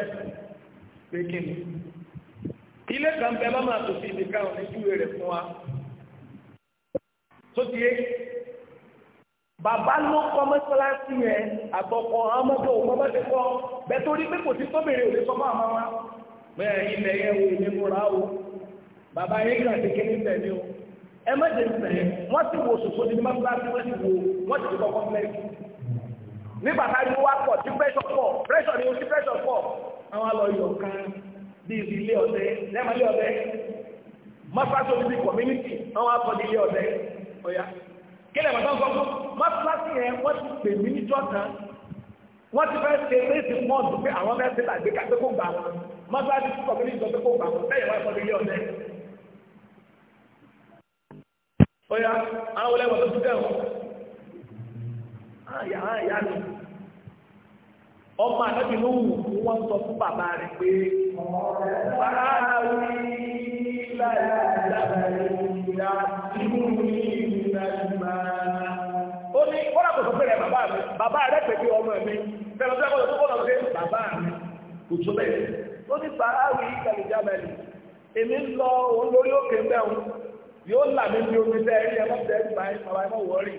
pé kí ni ilé kan bẹ lọ́mọ àtòsí ibi káwọn oníjúwe rẹ̀ fún wa tó ti yé bàbá ló kọ́ mọ́sálásí yẹn àtọkọ amọ́tò mọ́mọ́tò kọ́ bẹ́ẹ̀ torí pé kò sí sóbèrè òde sọ́kọ́ àmọ́ wa bẹ́ẹ̀ ilẹ̀ yẹn wo ni mo ra o bàbá yẹn kà sí kí ní tẹ̀lé o ẹ má jẹ́ sẹ́yìn wọ́n ti wo sòsò ní mọ́sálásí wọ́n ti wo wọ́n ti kọ́kọ́ mẹ́rin nígbà táyé wá pọ̀ tí pressure pọ̀ pressure ni o ti pressure pọ̀ àwọn lọ yọ kan bíi ti ilé ọ̀dẹ lẹ́mọ̀ ilé ọ̀dẹ mọ́sáàsì omi bíi community àwọn akọ̀dé ilé ọ̀dẹ ọ̀yà kílẹ̀ mọ̀tọ́ nǹkan fún mọ́sáàsì yẹn wọ́n ti pè mí ní jọ́ta wọ́n ti fẹ́ ṣe méjì mọ́ọ̀dù pé àwọn fẹ́ ṣe làgbé ká pé kó gbà wọn mọ́sáàsì ti community ọ̀dẹ kó gbà wọn bẹ́ẹ̀ wọ́n akọ̀dé ilé ọ̀dẹ ọ̀yà àwọn olè àyà àyà mi ọmọ àtọ́jú ló wù kó wọ́n sọ fún bàbá rẹ̀ pé bàbá rí láyà lábẹ́rẹ́ ìyá inú mi ìrìnà ìgbà. ó ní kọ́lá kò sọ pé rẹ̀ bàbá mi bàbá rẹ̀ pẹ̀lú ọmọ mi fẹ́ràn tó yàgò tó kọ́ lọ sí bàbá mi kò tó bẹ́ẹ̀. ó ní bàbá rí ìkàlẹ̀ jábẹ́lì èmi ń lọ òun lórí òkè ń bẹ́ẹ̀ yóò là mí bí omi tẹ́ ẹ̀rí ẹ̀ mọ́ tẹ́ ẹ̀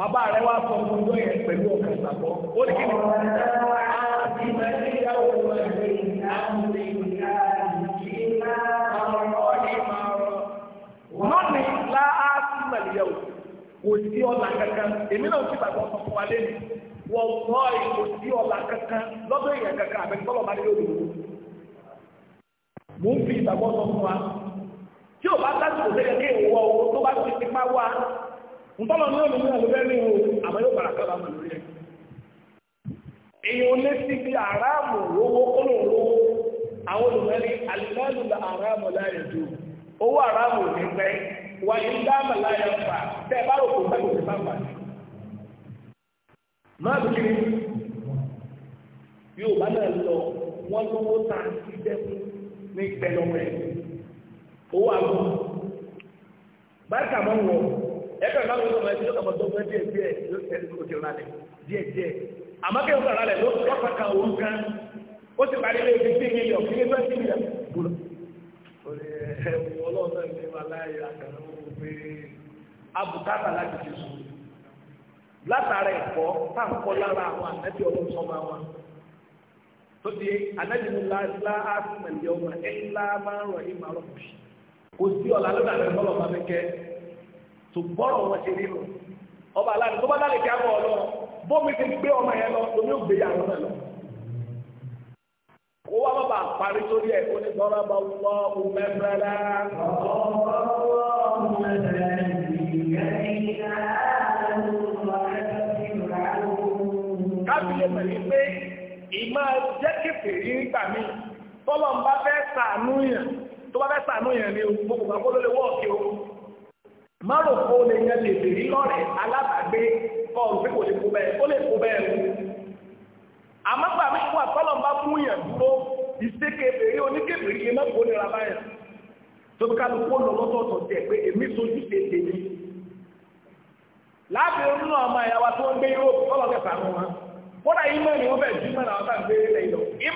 bàbá rẹ wá sọ fún ọjọ́ yẹn pẹ̀lú ọ̀kan ìgbàgbọ́ ó ní kí ni. lọ́nì la á sí màlìyà o kò sí ọ̀la kankan èmi náà ti gbàgbọ́ sọ fún wa lẹ́nu wọ́n sọ èyí kò sí ọ̀la kankan lọ́dọ̀ èèyàn kankan àbẹ̀ tọ́lọ̀ bá dé lórí òdòdó. mò ń fi ìgbàgbọ́ sọ fún wa tí o bá sásìkò sẹ́kẹ̀kẹ́ ìwọ owó tó bá ti ti pa wá ntọ́lọ̀ náà ló mú ọ̀gbẹ́ mi o àmọ́ yóò padà sábà lórí ẹ̀. èèyàn lé sí bí aráàmù lówó kọ́nà àwọn alìmọ́lù la aráàmù láyé owó aráàmù ní pẹ́ láyé tẹ́ ẹ bá rò kó má bìkiri yóò bá náà lọ wọ́n lówó dẹ́kun ní owó wọ̀ ẹ̀ka ìgbà wọn lọ́mọ ẹ̀sìn lọ́kàn mọ́tò fún díẹ̀ díẹ̀ ló ti ẹni kò ti rà lẹ̀ díẹ̀ díẹ̀ àmọ́ kí n sọ̀rọ̀ lẹ̀ ló wọ́pọ̀ kan òun kan ó ti parí lé ibi tí mi yọ kí ní bá ti yà bùrọ̀. ọlọ́run náà ní wàhálà yà kàn ó pé abùkátà láti fi sùn látara ẹ̀kọ́ táǹkọ́ lára àwọn ànábì ọlọ́run sọ́mọ àwọn tóbi ànábì ní láàlá àtúmọ̀lẹ́ ọmọ ẹ̀ ńlá máa ń rọ̀ ìmọ̀ ọ̀rọ̀ kò sí ọ̀la lọ́dà rẹ̀ bọ́lọ̀ bá mi tó gbọ́rọ̀ wọn ṣe nínú ọba aláàbí tó bá dá lè kí á bọ̀ ọ lọ bómi ti gbé ọmọ yẹn lọ lómi ò gbé yàrá náà lọ kó wá bàbà parí sórí ẹ̀ kó ní sọ́ra bá wọ́ ọmọ ẹ̀fẹ́ rẹ̀. kábíyè pẹ̀lú pé ìmọ̀ jẹ́ nígbà mi tọ́lọ̀ ń bá fẹ́ sàánú yẹn tó bá fẹ́ sàánú yẹn ni o kò bá kó ló wọ́ọ̀kì o. maroochydore na fún olè lè bèrè lọ́rẹ̀ alábàgbé kọ́ ọ̀rùn kò lè kó bẹ́ẹ̀ ó lè kó bẹ́ẹ̀ bá fún yàn dúró oníkèbèrè yẹn má kó nira báyà. tóbi ká ló kó lọ lọ́tọ̀ọ̀tọ̀ tẹ̀ pé èmi sojú ṣe láti ọmọ gbé wọn. kódà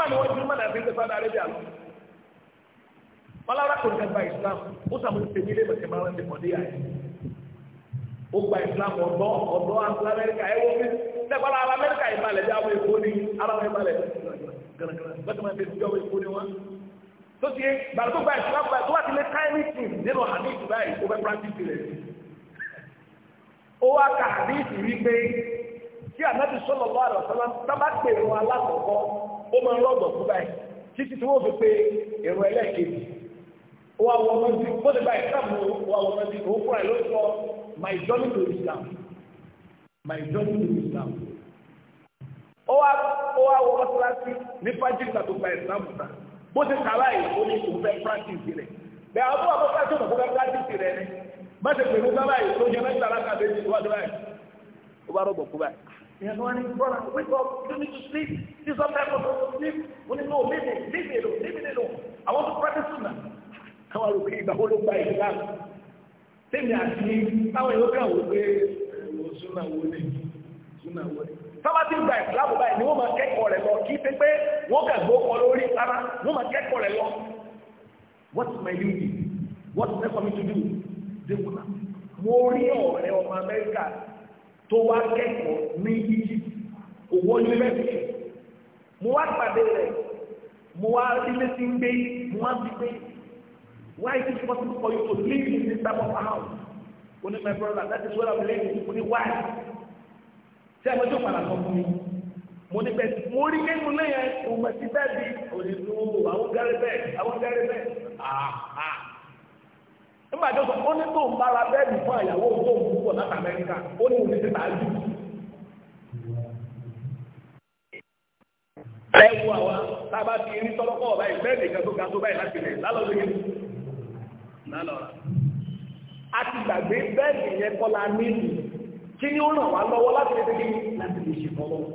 ìmọ̀ Bálára kò ní ká Islam, ó sàmú ti tèmi lé màtí máa ń lè mọ̀ níyà Ó gba Islam ọ̀dọ́ ọ̀dọ́ Asúlá Amẹ́ríkà ẹ̀wọ́ fi. Lẹ́gbàlá ara Amẹ́ríkà ìbalẹ̀ bí àwọn èkó ni ara wọn ìbalẹ̀ tó ti gbàgbọ́ tó gba Islam gba tó wà ti lé káyẹ́nìtì nínú hadith báyìí ó fẹ́ practice rẹ̀. Ó wá ka hadith wípé tí ànábì sọ́lọ̀ lọ́wọ́ àrọ̀ sọ́lá tábà pè wọn alákọ̀ọ́kọ́ ó máa ń rọ̀gbọ̀ fún báyìí títí tí wọ́n fi pé èrò ẹlẹ́ẹ̀kejì wà wọ mẹsì kó lè gba ìsìlámù wà wọ mẹsì kó fúnra ẹ ló sọ my journey to Islam my journey to Islam ó wá ó wá wọ mọ́sálásí ní fájì ìgbà tó gba ìsìlámù ta bó ti kàlá yìí ó ní òun fẹ́ practice rẹ̀ bẹ́ẹ̀ àwọn àwọn practice ọ̀nà kó fẹ́ practice rẹ̀ ni má ti pè ní sábà yìí tó jẹ mẹ́ta alákàbẹ̀ ní ìwádìí báyìí ó bá rọ̀gbọ̀ kú báyìí. Ìyẹn wọn ní brother wake up you need to sleep this is not time for you to sleep. Wọ́n ní no leave me leave me alone leave me àwọn àròkè ìgbàgbọ́ ló gba ìsìlámù tèmi àti táwọn èèyàn kà wò pé ẹ̀rọ súnà wọlé súnà wọlé sábà tí ń gba ìsìlámù báyìí ni wọ́n máa kẹ́kọ̀ọ́ rẹ̀ lọ kí pé pé wọ́n kà gbó kọ lórí rárá wọ́n máa kẹ́kọ̀ọ́ rẹ̀ lọ. what is my duty what is left for me to do dé wùnà mo rí ọ̀rẹ́ ọmọ amẹ́ríkà tó wá kẹ́kọ̀ọ́ ní Egypt òwò yunifásitì mo wá pàdé rẹ̀ mo wá ilé tí ń gbé mo wá ti gbé Why is it possible for you to live in this type of house? Only my brother, that is where I'm living. Only why? Ṣé ẹ mọ́tò padà sọ fún mi? Mo ní bẹ́ẹ̀ mo rí nínú lẹ́yìn ọmọ sí bẹ́ẹ̀ bí òdìdú àwọn gárí bẹ́ẹ̀ àwọn gárí bẹ́ẹ̀ àhà. Nígbà tó sọ, ó ní tó ń bára bẹ́ẹ̀dì fún àyàwó òun tó ń bú bọ̀ láti Amẹ́ríkà, ó ní òun ti tà á jù. Ẹ wo àwa tá a bá ti rí tọ́lọ́kọ̀ ọ̀bá ìgbẹ́ẹ̀dì kan tó ga tó báyìí láti rẹ̀ lálọ́ lálọ́ra a ti gbàgbé bẹ́ẹ̀dì yẹn kọ́lá nílùú kí ni ó ràn wá lọ́wọ́ láti lè tẹ́lẹ̀ láti lè ṣe kọ́ lọ́wọ́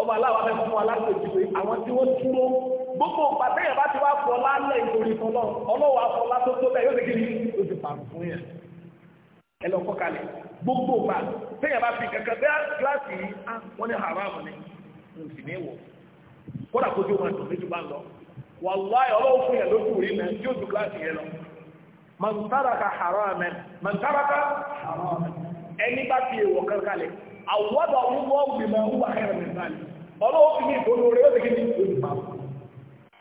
ọba aláwa fẹ́ fún wa lágbèjúwe àwọn tí wọ́n dúró gbogbo pàtẹ́ yẹn bá ti wá fọ lálẹ́ ìtòrí kan náà ọlọ́wọ́ afọlá tó tó bẹ́ẹ̀ yóò ti o ti pàrọ̀ fún yẹn ẹ lọ kọ́ kalẹ̀ gbogbo pa tẹ́yẹ̀ bá fi kankan bẹ́ẹ̀ gíláàsì yìí ah, wọ́n ní haram ni wàláyé ọlọ́wọ́ fún yẹn lójú rí mẹ́ tí ó dùn láti yẹn lọ mọ̀ntàràkà haramen mọ̀ntàràkà haramen ẹni bá fi èèwọ̀ kankanlẹ̀ àwọ̀dọ̀ wúwọ́ Ọ bụ ẹ̀rọ mẹ́tàlẹ̀ ọlọ́wọ́ fi ní ìbọn orí ó dìgbì ní olùpá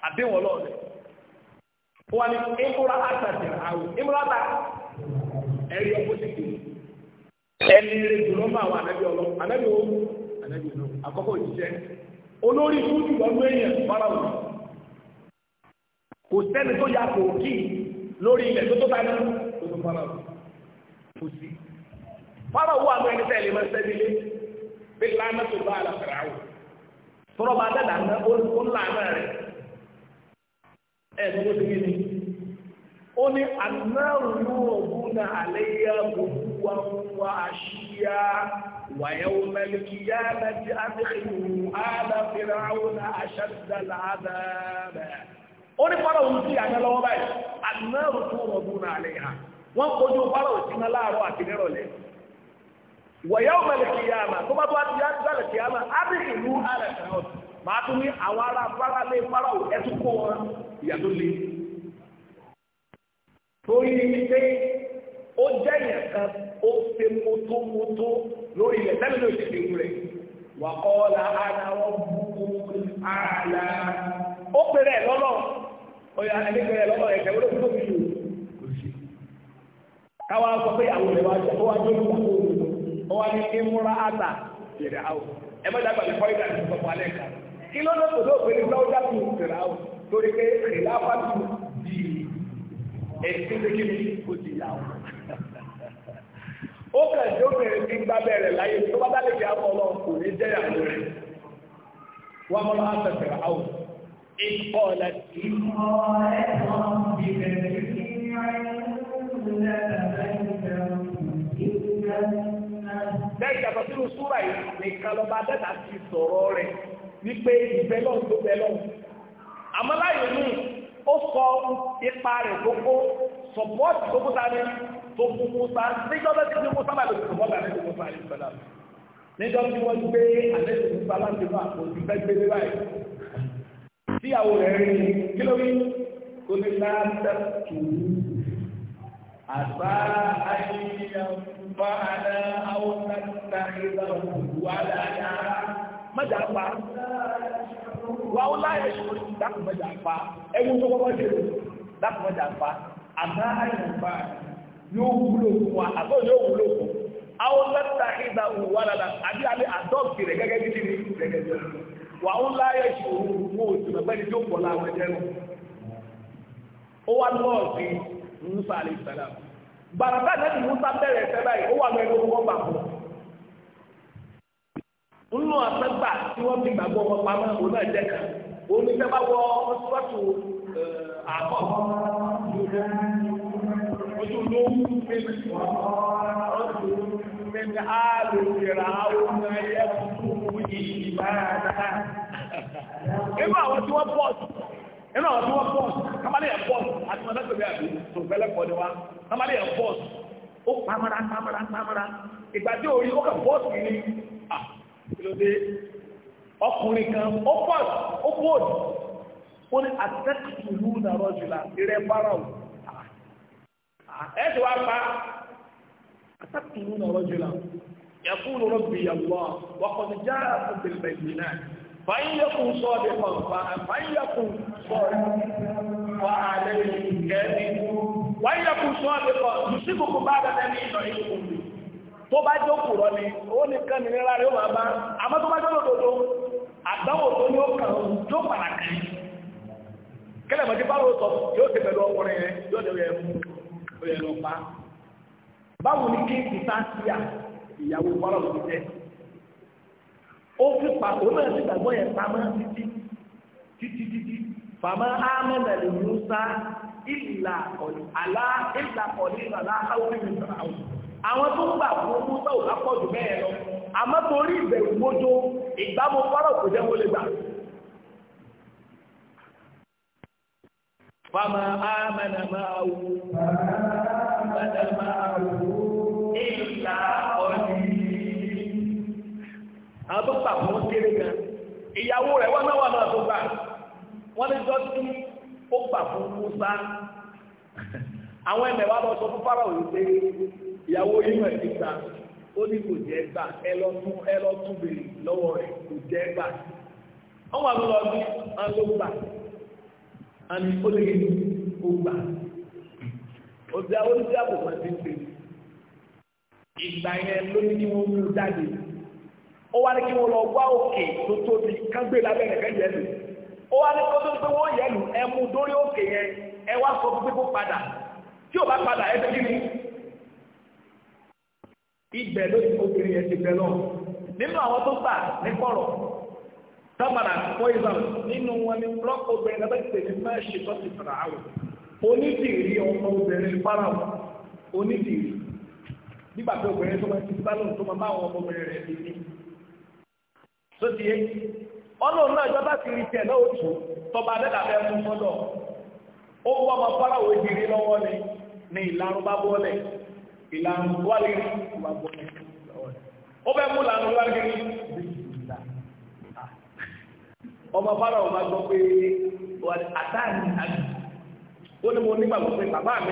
àbíwọ̀ ọlọ́ọ̀lẹ̀ wọn ni ìmúra kò sẹ́ni tó ya kò kí lórí ilẹ̀ tó tó ta ní tó tó fara kò sí. fara wo àwọn ẹni tẹ́lẹ̀ máa sẹ́ni lé bí lánà tó bá àlà fẹ̀rẹ̀ àwọ̀ tọrọ bá dàda ná ó lànà rẹ̀ ẹ̀ tó tó ti ní. ó ní anáàrú ògùn náà àléyà gbogbo wa wa àṣìyá ويوم القيامة أدخلوا آل فرعون أشد العذاب ó ní fọ́lọ̀ ń sí àná lọ́wọ́ báyìí àdúnáàrù tó wọ́n bú náà lè ha wọ́n kojú fọ́lọ̀ sínú láàárọ̀ àti nírọ̀lẹ́ wọ̀yá ò mẹ́lẹ̀ kìí àmà tó bá tó wá ti yá ti sálẹ̀ kìí àmà á bí ìlú àrẹ̀ kan máa tún ní àwọn ará fara lé fọ́lọ̀ ẹtú kó wọn ìyàtọ̀ lé torí pé ó jẹ́ yẹn kan ó ṣe mọ́tò mọ́tò lórí ilẹ̀ tẹ́lẹ̀ ló ti fi wúrẹ̀ wàkọ́ọ́lá ara wọn bú àlà ó pèrè lọ́lọ́run ọ̀yà ẹ̀dẹ́gbẹ̀rẹ̀ lọ́wọ́ ẹ̀kẹ́ wọ́n ló fún mi yìí kò sí. káwa sọ pé àwọn ìwà jẹ́ ọwọ́ adé olùkọ́ òwúrọ̀ ọwọ́ ní ìmúra àtà fèrè àwọ̀ ẹ má dàgbà ní kọ́rídà ní sọ̀pọ̀ alẹ́ kan kí ló lọ́kọ̀ tó fèrè sáwọ́dà tó fèrè àwọ̀ torí pé kìlá fásitì di ẹ̀sìn kékeré kò di ìyàwó. ó kàn jó bẹ̀rẹ̀ sí gbábẹ́rẹ̀ láyé tó bá dá lè fi àwọn ọlọ́run kò ní jẹ́ ìyàwó rẹ̀ wọ́n mọ́ إذ قالت Lẹ́yìn ìjàpọ̀ sínú súra yìí nìkan lọ bá dẹ́ta ti sọ̀rọ̀ rẹ̀ wípé ìbẹ́lọ́n tó bẹ́lọ́n. Àmọ́ láyé nù, ó sọ ipa rẹ̀ gbogbo, sọ̀pọ̀tì tó kúta ní tó kúkú ta, níjọba tí ó kú sábà lè sọ̀pọ̀tì àti ìgbòmọ̀ àti ìgbàlá. Níjọba tí wọ́n gbé àlejò síyàwó rẹ̀ rí ni kí ló rí kó ní láàbẹ̀ tù ú àbá ayélujára bá ara àwọn náà ìlà òwò àdáyà mẹ́jà pa wà ó láyé ṣòro dákùn mẹ́jà pa ẹgbẹ́ tó kọ́kọ́ ṣe dákùn mẹ́jà pa àbá ayélujára yóò wúlò fún wa àbọ̀ yóò wúlò fún àwọn náà ìlà òwò àdáyà àbí alẹ́ àdọ́ọ̀kì rẹ̀ gẹ́gẹ́ bí kí ni gẹ́gẹ́ bí ọ̀rọ̀ wà ó láyé ìṣòro owó oṣù lọ́gbẹ́ni tó pọ̀ láwọn ẹ̀jẹ̀ rẹ̀ ó wá lọ́ọ̀ sí musa alẹ́ ìsàlá gbàràtà náà ti musa bẹ̀rẹ̀ ẹ̀sẹ̀ báyìí ó wà lọ́ọ̀ ẹ̀rọ wọn bà pọ̀ nínú àtẹ́gbà tí wọ́n fi gbàgbọ́ wọn pamọ́ òun náà jẹ́ kan òun ní sẹ́gbà wọ ọ́sọ́tù eh, àbọ̀ ojú ló ń gbé ọ̀sùn mẹ́ta àlùfẹ́ra àwọn ọmọ ẹ̀yẹ yìí. inú àwọn tí wọ́n pọ̀ inú àwọn tí wọ́n pọ̀ kámálì yẹn pọ̀ àti wọn lẹ́sẹ̀ bí àbí tó fẹ́lẹ́ pọ̀ O wa kámálì yẹn pọ̀ ó pamara pamara pamara ìgbà tí orí ó kà pọ̀ sí ni ọkùnrin kan ó pọ̀ ó pọ̀ ó ní àtẹ́kùtù bára o ẹ̀ ti wá pa àtẹ́kùtù náà يقول ربي الله وقد جاءكم بالبينات فإن يكن صادقا فإن يكن صادقا فعليه كذب وإن يكن صادقا يصيبكم بعد ذلك tó bá jókòó rọ ni ó nìkan ní rárá yóò máa bá àmọ́ tó bá jọ́lọ̀ dòdó àdánwò tó ní ó kàn bá wò sọ yóò ti pẹ̀lú ọkùnrin yóò ti rẹ̀ pa báwo ìyàwó wàrà òbí jẹ́ ó fi pa òun náà ti gbàgbọ́ yẹn pamọ́ títí títí títí fàmọ́ ámẹ́nà lè mú sá ìlà ọ̀lì àlá ìlà ọ̀lì ìlànà àwọn ìlú àwọn àwọn tó ń gbà fún ọmọ tó ò bá pọ̀ jù bẹ́ẹ̀ lọ àmọ́ torí ìbẹ̀rù mójó ìgbàmọ́ fọ́rọ̀ kò jẹ́ wọlé gbà fàmọ́ ámẹ́nà máa wù ámẹ́nà máa wù àwọn tó gbà fún kéré gan ìyàwó rẹ̀ wọ́n náà wà náà tó gbà wọ́n ní dọ́tí ó gbà fún Musa àwọn ẹ̀mẹ̀ wa lọ sọ fún Fáráò yìí pé ìyàwó inú ẹ̀ ti gbà ó ní kò jẹ́ gbà ẹ lọ tún ẹ lọ tún bèrè lọ́wọ́ rẹ̀ kò jẹ́ gbà wọ́n wà lọ bí wọ́n ló gbà àmì ó lè ó gbà òbí àwọn oníṣẹ́ àbòmọ́ ti ń pè ìgbà yẹn ló ní kí wọ́n mú jáde ó wá ní kí wọ́n lọ wá òkè tó tóbi kángbé lábẹ́ nìkan yẹn lù ó wá ní kótó pé wọ́n yẹn lù ẹ mú dórí òkè yẹn ẹ wá sọ fún pípó padà tí ò bá padà ẹ tẹ́kí ni ibẹ̀ ló ti obìnrin yẹn ti bẹ̀ lọ nínú àwọn tó gbà ní kọ̀rọ̀ tábàdà poison nínú wọn ni blọọkì obìnrin náà bá ti tẹ̀lé tó ti fara àwọ̀ onídìrí ọmọ obìnrin faraàwọ̀ onídìrí nígbà tó obìnrin tó máa ti sóti yé ọlọ́run náà ìjọba ti rí náà tù tọba adẹ́dà bẹ́ẹ̀ fọ́dọ̀ ó kọ́ ọmọ fọ́láwò ìdírí lọ́wọ́ ni ní ìlarun bá bọ́ọ̀lẹ̀ ìlarun wálé rí ìwà bọ́ọ̀lẹ̀ ó fẹ́ mú ìlarun wálé rí ọmọ gbọ́ pé àtàní ó ní mo pé bàbá mi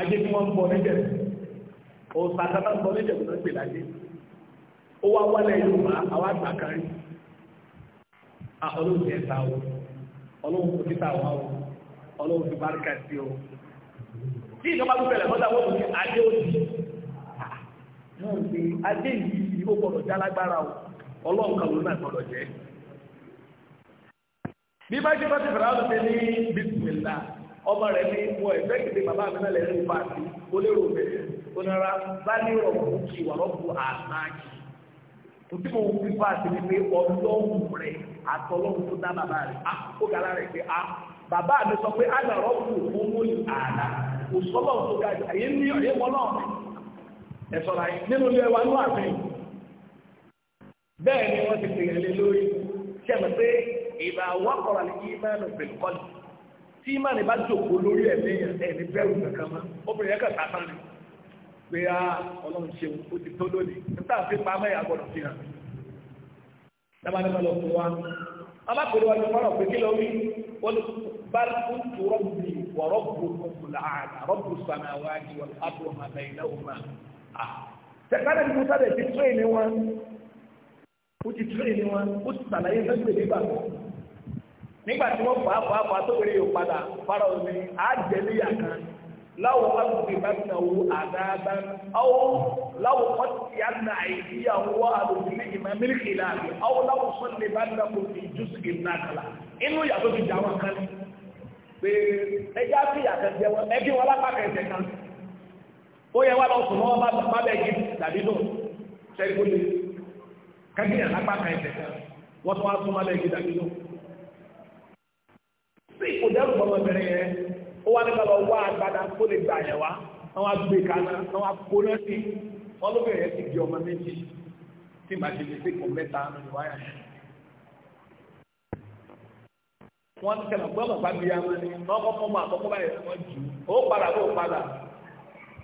ajé tí wọ́n ń bọ̀ níjẹ̀ òsàkátà ń bọ̀ níjẹ̀ kò náà gbè láyé ó wá wálẹ̀ yorùbá àwọn àgbà kárí ọlọ́run yẹn ta o ọlọ́run kò ní wá o ọlọ́run ti bárìkà sí o tí ìjọba tó bẹ̀rẹ̀ lọ́dà wọ́n ní ajé ó di náà ajé yìí ó gbọ́dọ̀ já lágbára o ọlọ́run kan ló náà gbọ́dọ̀ jẹ́ bí bá jẹ́ bá ti fẹ́ràn ọ̀sẹ̀ ní ọmọ rẹ̀ ní ìwọ ẹ̀fẹ́ ìdè bàbá mi náà lẹ́nu ìfà sí olérò bẹ̀rẹ̀ onara bá ní rọ̀bù kí wà rọ̀bù àmáàkì òtí mo wù ìfà sí ni pé rẹ̀ àtọlọ́run tó dá bàbá rẹ̀ ah, gara rẹ̀ pé ah, bàbá mi sọ pé àgbà àlà ga jù àyè ní ọ̀yẹ́ wọn náà ẹ̀ nínú ilé wa àfihàn bẹ́ẹ̀ ni wọ́n ti tí ìmánì bá jòkó lórí ẹ̀mí ẹ̀mí bẹ́rù kankan mọ́ obìnrin yẹn ni pé a ah, ọlọ́run ṣeun ó ti tó lónìí nígbà tí pamẹ́ yà fi hàn lọ fún wa ti pé kí ló rí bá tu rọ́bù làálà rọ́bù náà wò má. tẹ̀kánà ní musa dẹ̀ ah, ti tírè ní wọn ó ti tírè ní wọn ó ti sàlàyé nígbà tí wọ́n fàá fàá fàá tó wẹrẹ yóò padà fara omi àjẹlíyà kan láwọn ọdún ìbátanàwó àdáadáa àwọn láwọn ọtí àná àìdíyàwó àdòdìlẹ ìmọ mílíkì láàbí àwọn láwọn sọlẹ ìbátanàwó ìjúsù ìnákàlà inú yàtọ̀ ti jà wọn kan pé ẹjá sí yàtọ̀ jẹ wọn ẹbí wọn lápá kẹsẹ kan ó yẹ wà lọ sùn mọ́ bá bẹ́ẹ̀ yìí dàbí nù sẹ́ni kó lè kájí yàtọ̀ lápá kẹsẹ kan wọ́n tún wá sún mọ́ bẹ́ẹ̀ tí kò dẹ́rù bọ́mọbìnrin yẹn ó wá ní bàbá wá agbada kó lè gbà yẹn wá àwọn agbè kaná àwọn akóná sí wọn ló bẹ̀rẹ̀ sí di ọmọ méjì tí màá ṣe lè fi kò mẹ́ta nínú wáyà yẹn. wọ́n ti kẹ́lọ̀ gbọ́mọ̀ bá bí yàrá ni wọ́n kọ́ fọ́mọ àkọ́kọ́ báyìí wọ́n jù ó padà ó padà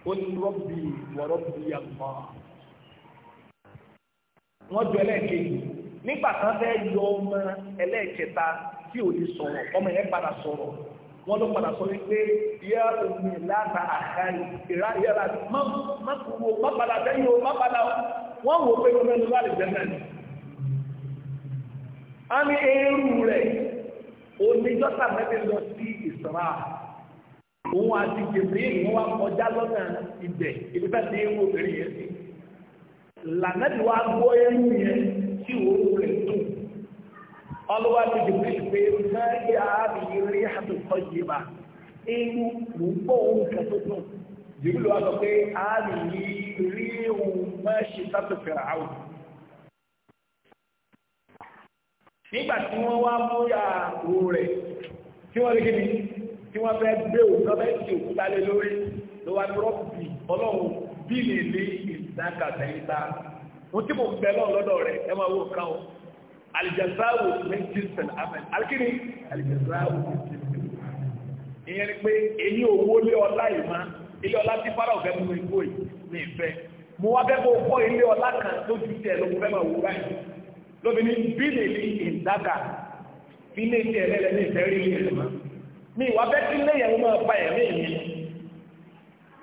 ó ní rọ́bì wọ́rọ́bì yàgbọ́. wọ́n jọ ẹlẹ́ẹ̀kejì nígbà kan fẹ́ yọ ọmọ ẹlẹ́ẹ̀kẹta tí ò lè sọ̀rọ̀ ọmọ yẹn padà sọ̀rọ̀ wọ́n ló padà sọ wípé yá omi lára àkárí ìrá yára má kú wo má padà sẹ́yìn o má padà wọ́n wò pé ọmọ ẹni láti jẹ́ náà a ní eérú rẹ̀ oníjọ́sà mẹ́rin lọ sí ìsọ̀rá òun àti jèbè ìwọ́n wa kọjá lọ́nà ibẹ̀ ibi bá ti ń wo obìnrin yẹn sí. lànà tí wàá gbọ́ ẹrú yẹn tí òun rẹ̀ dùn ọlọ́wà ti dìbò pé náà yà á bí rí àtúntọ́ yìí bá inú mò ń bọ̀ ohun kan tó dùn jìbìlì wa sọ pé á bí rí ohun má ṣe sátò fẹ̀rẹ̀ àwọn. nígbà tí wọ́n wá mú ya wo rẹ̀ tí wọ́n lé kíni tí wọ́n fẹ́ gbé òkúta fẹ́ ti òkúta lé lórí ló wá dúró bì ọlọ́run bí lè lé ìdáka sẹ́yìn ta. mo ti mò ń bẹ lọ́dọ̀ rẹ̀ ẹ máa wo nǹkan o aljazawo min jinsin amen alkini aljazawo min jinsin ìyẹn ni pé èyí owó lé ọlá yìí má ilé ọlá tí fara ọ̀fẹ́ mú igbó yìí ní ìfẹ́ mo wá bẹ́ẹ̀ kó kọ́ ilé ọlá kan lójú tẹ̀ ló fẹ́ máa wú báyìí lóbìnrin bílẹ̀ ní ìdáka bí ilé tẹ̀ lẹ́lẹ̀ ní ìfẹ́ rí ilé rẹ̀ má mi ìwà bẹ́ẹ̀ kí ilé yẹn máa ba ẹ̀mí mi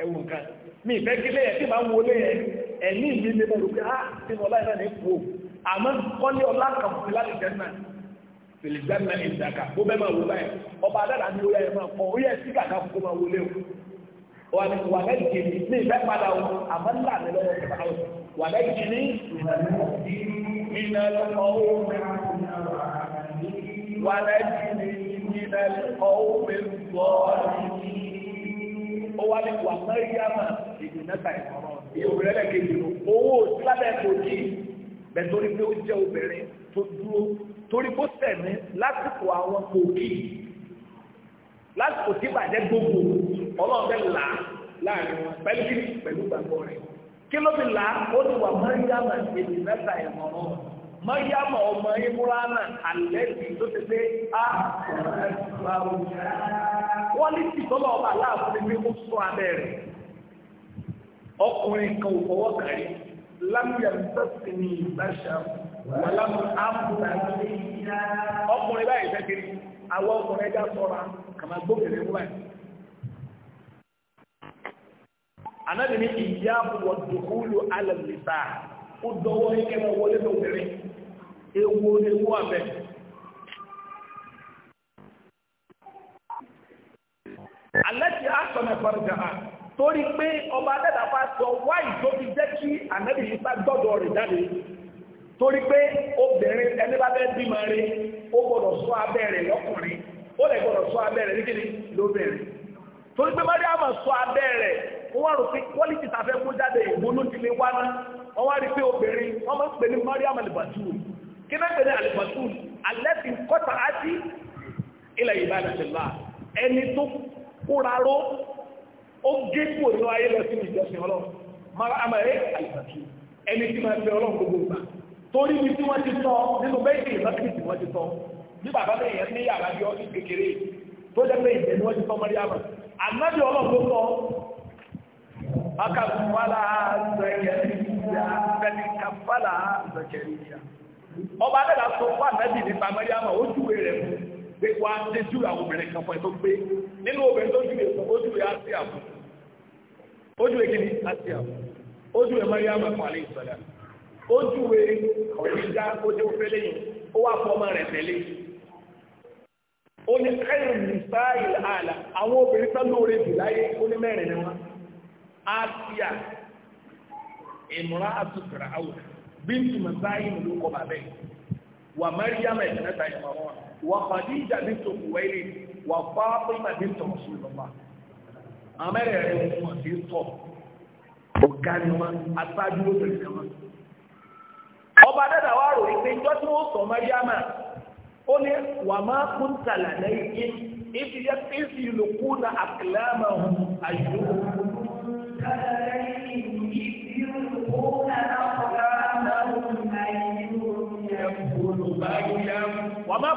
ẹ̀wù nǹkan mi ìfẹ́ kí ilé yẹn tí máa ń wọlé yẹn ẹ̀mí mi lè mọ̀ lókè á tí mo láì náà ní kú àmọ́ kọ́lé ọlá kan fún mi láti jẹ́ náà filijanna bẹ́ẹ̀ máa wò báyìí ọba adára ni ó yẹ máa kọ́ ó yẹ sí kàkà kó máa wọlé o wà ní wà lẹ́yìn kìíní ní ìfẹ́ padà o àmọ́ ńlá mi lọ́wọ́ ìfẹ́ padà o wà lẹ́yìn kìíní nínú ọwọ́ wà lẹ́yìn kìíní nínú ọwọ́ mi gbọ́ ó wà ní wà mẹ́rìyàmà ìdùnnẹ́ta ìfọ̀rọ̀ ìyókù rẹ̀ lẹ́kẹ̀ẹ́ owó ìsílámẹ̀ kò kí bẹ́ẹ̀ torí pé ó jẹ́ obìnrin tó dúró torí kó sẹ̀mí lásìkò àwọn kòkì lásìkò tí bàjẹ́ gbogbo ọlọ́run bẹ́ẹ̀ là láàrin wọn pẹ̀lú kí pẹ̀lú gbàgbọ́ rẹ̀ kí ló fi là ó ti wà mọ́ríyàmà èdè mẹ́ta ẹ̀mọ́ náà mọ́ríyàmà ọmọ ìmúránà alẹ́ ti tó ti pé a wọ́n ní tí tọ́lọ́ ọba aláàfin ní kó sọ abẹ́ ọkùnrin kan ò fọwọ́ kàrí lámúyà sọ́ọ̀tì ní ìbáṣà wà lámú áfúnà ní ọkùnrin báyìí fẹ́ kiri àwọn ọkùnrin ẹja sọ́ra kàmá gbókèrè mú báyìí. Ànábì ní ìyá wọ̀ dùkúlù alẹ́ nìta ó dọwọ́ yín kẹ́mọ̀ wọlé lóbìnrin ewu ewu abẹ. Alẹ́ ti á sọ̀nà ìfọ̀rọ̀jà hàn torí pé ọba adẹ́dàfà sọ wáì tó fi jẹ́ kí ànábì Ìsá gbọ́dọ̀ rẹ̀ jáde torí pé obìnrin ẹni bá bẹ́ẹ̀ bímọ rẹ̀ ó gbọ́dọ̀ sọ abẹ́ rẹ̀ lọ́kùnrin ó lè gbọ́dọ̀ sọ abẹ́ rẹ̀ nígbìnì lóbìnrin torí pé bọ́dẹ́ àmọ̀ sọ abẹ́ rẹ̀ ó wá rò pé quality tàfẹ́ kó jáde ìgbónú ti lè wá náà wọ́n rí pé obìnrin wọ́n máa ń pè ní Mariam alibatul kí náà pè ní ó gé kúrò nínú ayé lọ sí ìjọsìn ọlọ́run mara ma àlùfàkì ẹni tí máa fẹ́ ọlọ́run gbogbo gbà torí tí wọ́n ti nínú bẹ́ẹ̀kì tí wọ́n ti ní bàbá bẹ́ẹ̀ yẹn ní yàrá bí ọdún kékeré tó jẹ́ pé ìjẹ́ ni wọ́n ti mọ́rí àmà ọlọ́run tó fún nínú obìnrin tó ó ojú ekini asia ojú ẹ mariam akwale ìsọdá ojú ẹ ọ̀dídá ojú òfélé yìí ó wà fọmọ rẹ tẹ̀lé ó ní káyọ̀ nìfà ìlà àlà àwọn obìnrin tó lóore jù láyé ó ní mẹ́rin ni wọn asia ìmúra àtúntàrà àwòrán bíntu masáyìn ló kọ bàbẹ́ wà mariam ẹ̀ mẹ́ta ìmọ̀ràn wà fàdíjà bíntu kuwaili wà fáfímà bíntu rasulullah àmẹ́rẹ̀ rẹ̀ wọ́n ti tọ̀ ọ̀gá ni wọ́n aṣáájú ló bẹ̀rẹ̀ kan wọn. ọba dada wa rò wípé ìjọ tí wọ́n sọ mẹ́ríàmà ó ní wà máa kún tàlà lẹ́yìn ibi yẹ kí sì lò kú na àkìlámà hù àyò. wà máa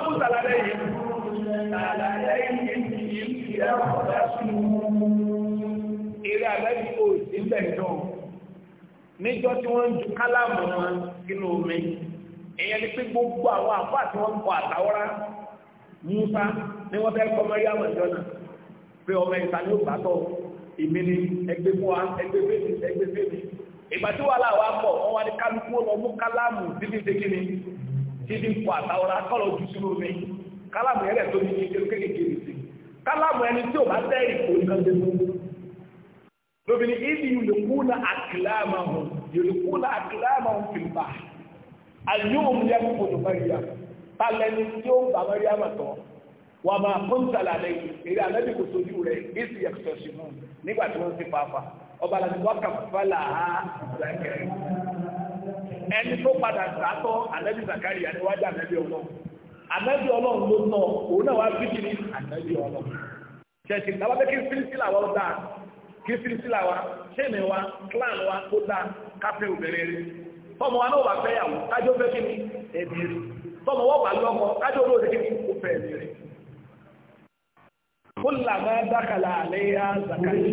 kún tàlà lẹ́yìn tàlà lẹ́yìn. Eré àlẹ́bí kò sí bẹ̀ẹ̀dọ̀. Níjọ́ tí wọ́n ń ju kálámù wọn sínú omi, èyàn ni pé gbogbo àwọn àfáà tí wọ́n kọ àtàwọ́rá Musa ni wọ́n fẹ́ kọ́ mọ́rí àwọn ìjọ náà. Pé ọmọ ìta ni ó gbàtọ̀ ìmí ni ẹgbẹ́ fún wa, ẹgbẹ́ fèmí, ẹgbẹ́ fèmí. Ìgbà tí wàhálà wa pọ̀, wọ́n wá ní kálukú lọ mú kálámù síbi ìdíkíni, síbi kọ àtàwọ́rá kọ́lọ̀ jù sínú omi. Kálámù yẹn kálámù ẹni tí ò bá tẹ́rì kò ní kan tẹ́lú lóbìnrin ìdí yòlùkúnà àkìláàmà hùn yòlùkúnà àkìláàmà hùn fìlbà àyùm yẹ kó tó mẹ́rìyà tálẹ́ni tí ó bá mẹ́rìyà mà tọ́ wà máa fún sàlà lẹ́yìn èrè àlẹ́bí kò sojú rẹ̀ èsì ẹ̀kọ́ sí mú nígbà tí wọ́n ti fàáfà ọba àlàbí wọ́n kà fàlà á ẹni tó padà sàtọ́ àlẹ́bí Zakariya níwájú àlẹ́bí ọlọ́run ànábì ọlọ́run ló nà òun náà wá bí kí ni ànábì ọlọ́run ṣẹ̀ṣì náà wá bẹ́ kí fírísílà wa ó dáa kí fírísílà wa ṣẹ́ni wa clan wa ó dáa káfẹ́ obìnrin rí fọmọ wa náà wà fẹ́ yàwó kájọ fẹ́ kí ni ẹ̀mí rí fọmọ wa wà lọ́kọ kájọ olóòdì kí ni ó fẹ́ ẹ̀mí rí. kó làmá dákàlà àlẹ́ zakari.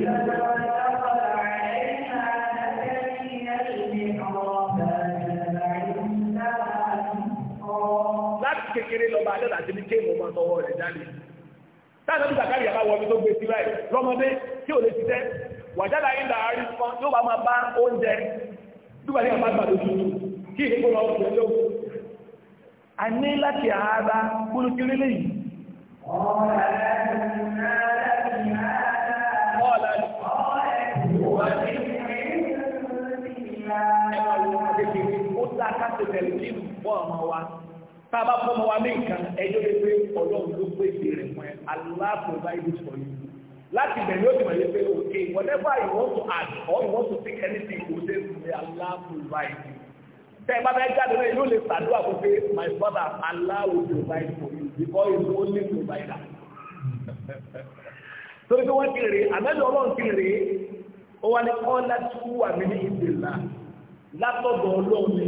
kékeré lọ́ba àdọ́dà ti ní kéèmù ọmọ tọwọ́ rẹ̀ jáde táà lọ́dún zakari yàrá wọ ibi tó gbé síra ẹ̀ lọ́mọdé tí ò lè ti tẹ́ wàjáda yín dà árí fún yóò bá máa bá oúnjẹ dúpẹ́ ní ọ̀pá gbàdúrà tuntun kí ìdíkò lọ sí ẹjọ́ a ní láti ara kúrúkúrú léyìí. ọ̀la ni ara ni ara ọ̀la ni ọ̀la ni ọ̀la ni ọ̀la ni ọ̀la tá a bá fọmọ wa ní nǹkan ẹjọ́ lè pé ọlọ́run ló pèsè rẹ̀ fún ẹ Allah provide it for you láti bẹ̀rẹ̀ yóò tẹ̀wé pé okay whatever you want to add or you want to pick anything kò say fún mi Allah provide you tẹ́ ẹ bá fẹ́ jáde náà yóò lè ṣàdúrà fún pé my father Allah will provide for you because he is only provider torí pé wọ́n ti rè àmẹ́lẹ́ ọlọ́run ti rè ó wá ní kọ́ láti kú àmì ní ìdè là látọ̀dọ̀ ọlọ́run ni.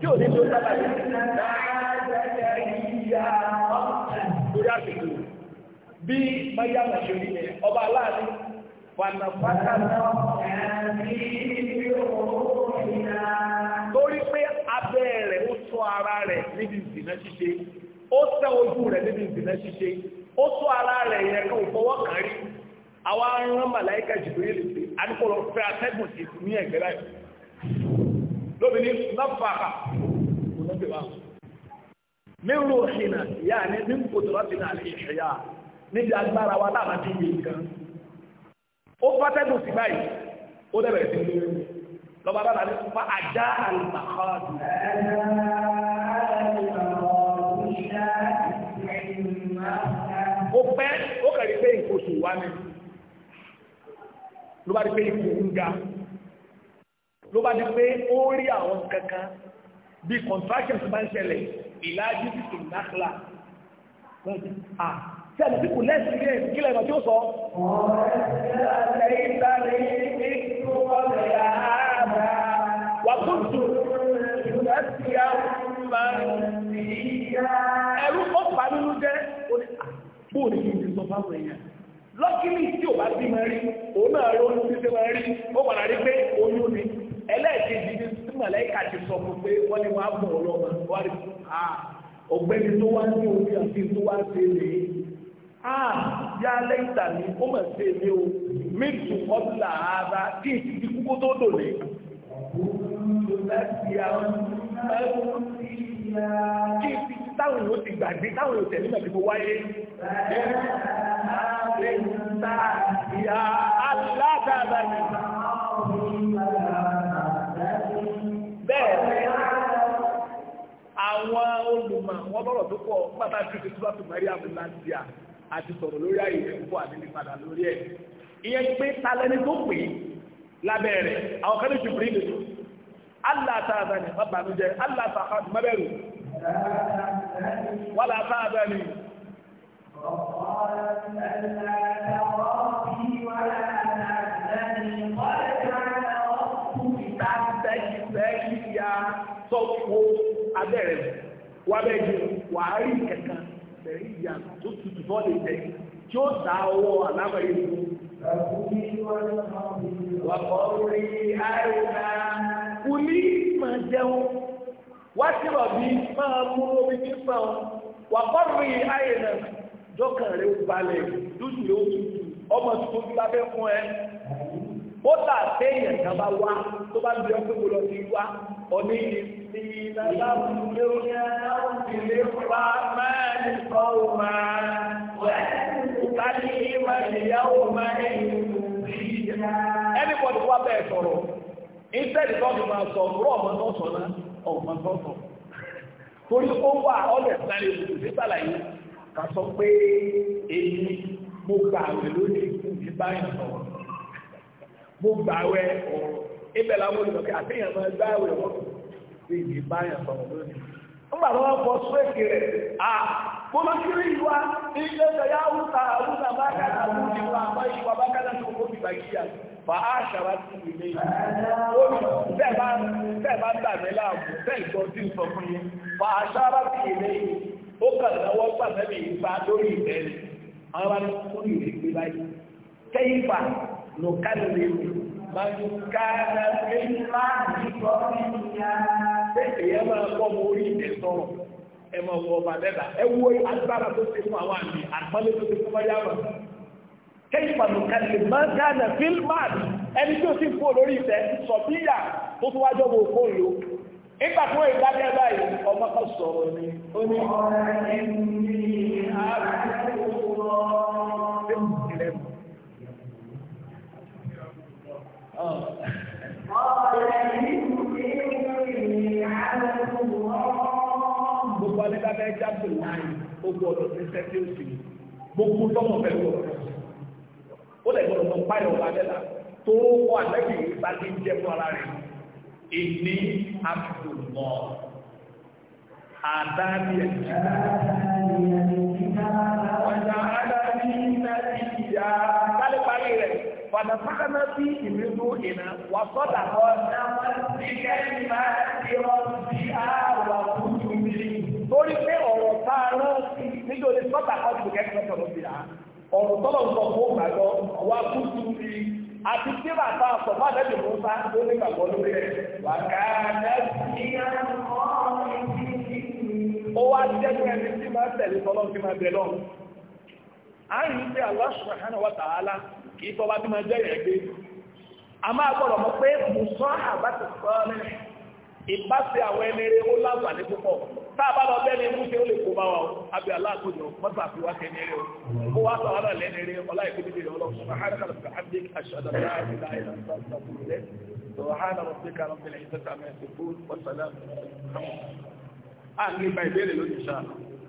tí ò ní tó sábà yìí. lórí àsìkò bí mayama ṣe rí yẹn ọba aláàánú wàna fàkàtà torí pé abẹ́ rẹ̀ ó sọ ara rẹ̀ níbi ìsìnà ṣíṣe ó sẹ ojú rẹ̀ níbi ìsìnà ṣíṣe ó sọ ara rẹ̀ yẹn kó fọwọ́ kàn rí àwa ń rán màláìka jìbìrì lè fi àdúgbò lọ fẹ́ atẹ́gùn sí ní ẹ̀gbẹ́ báyìí lóbìnrin láfàkà kò lọ́bì wá. mi ń ro òṣìnà ìyá ni mi ń kòtò láti náà lè ṣẹ̀yà níbi agbára wa láàmà tí yé nǹkan. ó fàtẹ́gùn sí báyìí ó dẹ̀bẹ̀ sí lóyún lọ́ba bá dàbí fún ajá àlùbákọ́ọ̀dù. ó pẹ́ ó kàrí pé nǹkan oṣù wa ni rí pé nǹkan ń ga ló bá di pé ó rí àwọn kankan bí contractions bá ń ṣẹlẹ̀ ìlàjì títí náklà tí a lè fipò lẹ́sìn ilé ìkílẹ̀ ìmọ̀ tí ó sọ. wàkúntù ẹ̀rú ó pa nínú jẹ́ bóòlù kí n ti sọ fáwọn èèyàn lọ́kìlì tí ò bá bí máa rí òun náà rí oyún títí máa rí ó padà rí pé oyún ni ẹlẹ́ẹ̀kejì ní mọ̀lẹ́kà ti sọ fún pé wọ́n ní wọ́n á bọ̀ ọlọ́mọ wọ́n rí a ọ̀gbẹ́ni tó wá ní orí àti tó wá ṣe lè a yá lẹ́yìntà ni ó mọ̀ sí èmi o mẹ́tù ọ̀dùlà ara kí ìtìtì kúkú tó dò lé. kí ìtìtì táwọn èèyàn ti gbàgbé táwọn èèyàn tẹ̀lé mẹ́tì tó wáyé. Ìyá aláàbàbà ni. ọlọ́rọ̀ tó pọ̀ pátá tí ti túbà tó mẹ́rí àmúláńdíà àti sọ̀rọ̀ lórí àyè púpọ̀ àti nípadà lórí ẹ̀. ìyẹn pé talẹ́ni tó pè é lábẹ́ rẹ̀ àwọn kan ní jùbìrì lè tó allah ta'ala ni má bànújẹ́ allah ta'ala ni má bẹ̀rù wàlá ta'ala ni. Sọ́kò abẹ́rẹ́ wà bẹ́ẹ̀ ju wàá rí kankan bẹ̀rẹ̀ ìyá tó tutù bọ́ lè tẹ̀ tí ó dá ọwọ́ alábàá yìí mú. wà á kọ́ orí àìsà kùlí máa jẹun wá síbọ̀ bí máa mú omi nípa wọn wà á kọ́ orí dọ́kàn rẹ̀ balẹ̀ lójú rẹ̀ tutù ọmọ tuntun lábẹ́ fún ẹ bọ́tà téèyàn kan bá wá tó bá gbé ọkọ̀ lọ sí wá ọ̀ní ní ìlàláwùjọ ní ìlẹ̀ wá máa ń kọ́ máa wà ní ìmọ̀ máa ń ẹni instead tó ti máa sọ rọ̀ ọmọ tó sọ náà ọmọ tó sọ torí ó wà ọ̀lẹ̀ sáré olùdókè sàlàyé kà sọ pé èyí mo gbà àwẹ̀ lónìí fún ìbáyà sọ̀rọ̀ mo gbàwẹ̀ ọ̀rọ̀ ibẹ̀ làwọn olùdókè àtẹ̀yàn máa gbàwẹ̀ wọn bí ìdí báyà sọ̀rọ̀ lónìí. nígbà tó wọ́n fọ súwèkì rẹ̀ à kólókìrì ìwà ilé ìtọ́yà awúta awúta bákàtà awúta ìwà àmọ́ ìwà bákàtà tó kó fìgbà yíyà fà á ṣàwá sí ilé bẹ́ẹ̀ bá ń dà mí láàbù bẹ́ẹ̀ gbọ́ sí sọ fún yín fà á ṣàwá sí ilé ó kàn lọ́wọ́ gbàgbẹ́ mi ìgbà lórí ìbẹ́ẹ̀ àwọn ará ní kúrò ìrèké báyìí kẹ́yìn báyìí nùkálẹ̀ Màdùkàdà pé láàrín ìgbọ́nrin ìyá. Ṣé èyẹ máa kọ́ mọ orí ìdẹ̀ sọ̀rọ̀? Ẹ máa wọ ọba dẹ́dà. Ẹ wo agbára tó ṣe fún àwọn àmì àpọ́nlé tó ṣe fún ọjà rẹ̀. Kéyìpà nùkálẹ̀ máa kàdà pé láàrín ẹni tí ó sì kú olórí ìtẹ́ sọ bí tó tún wájọ́ bò kó lò. Nígbà tó ìgbà bẹ́ẹ̀ báyìí, ọmọ kan sọ̀rọ̀ ni. Ó ní ọ̀rẹ́ ẹni ní àárẹ̀ Gbogbo alẹ́ká bẹ́ẹ̀ jáde láàyè gbogbo ọ̀dọ̀ ní sẹ́tí òsì ni. Gbogbo tọ́mọ̀ bẹ́ẹ̀ wọ̀. Ó lẹ̀ gbọ́dọ̀ mọ páyọ̀ wà lẹ́la tó kọ́ àlẹ́kì ìsáké jẹ́ fún ara rẹ̀. Èmi àbùmọ̀ àdáni ẹ̀jẹ̀. Ọjà فنفخنا ti من روحنا وصدق torí pé ọ̀rọ̀ tá a rán sí níjó lè sọ́tà kan ju kẹ́kẹ́ lọ́sọ̀ ló fi rà á ọ̀rọ̀ tọ́lọ̀ sọ fún gbàgbọ́ wa kú tu rí àti tí bàtà sọ fún àdébì musa tó ní gbàgbọ́ lórí rẹ̀ wà ká dẹ́sí. ó wá jẹ́ pé ẹni tí máa tẹ̀lé ń rí pé Allah subhanahu wa ta'ala kì í fọwọ́ bí máa jẹ́ ìrẹ́ gbé a máa gbọ́dọ̀ mọ̀ pé mùsọ́ àbátì sọ ní ìbáṣe àwọn ẹni rẹ ó láǹfààní púpọ̀ tá a bá lọ bẹ́ẹ̀ ni mú ṣe ó lè kó bá wa o àbí aláàkójọ mọ́tà fi wá kẹ́ni rẹ o kó wá sọ wàhálà lẹ́ni rẹ ọlá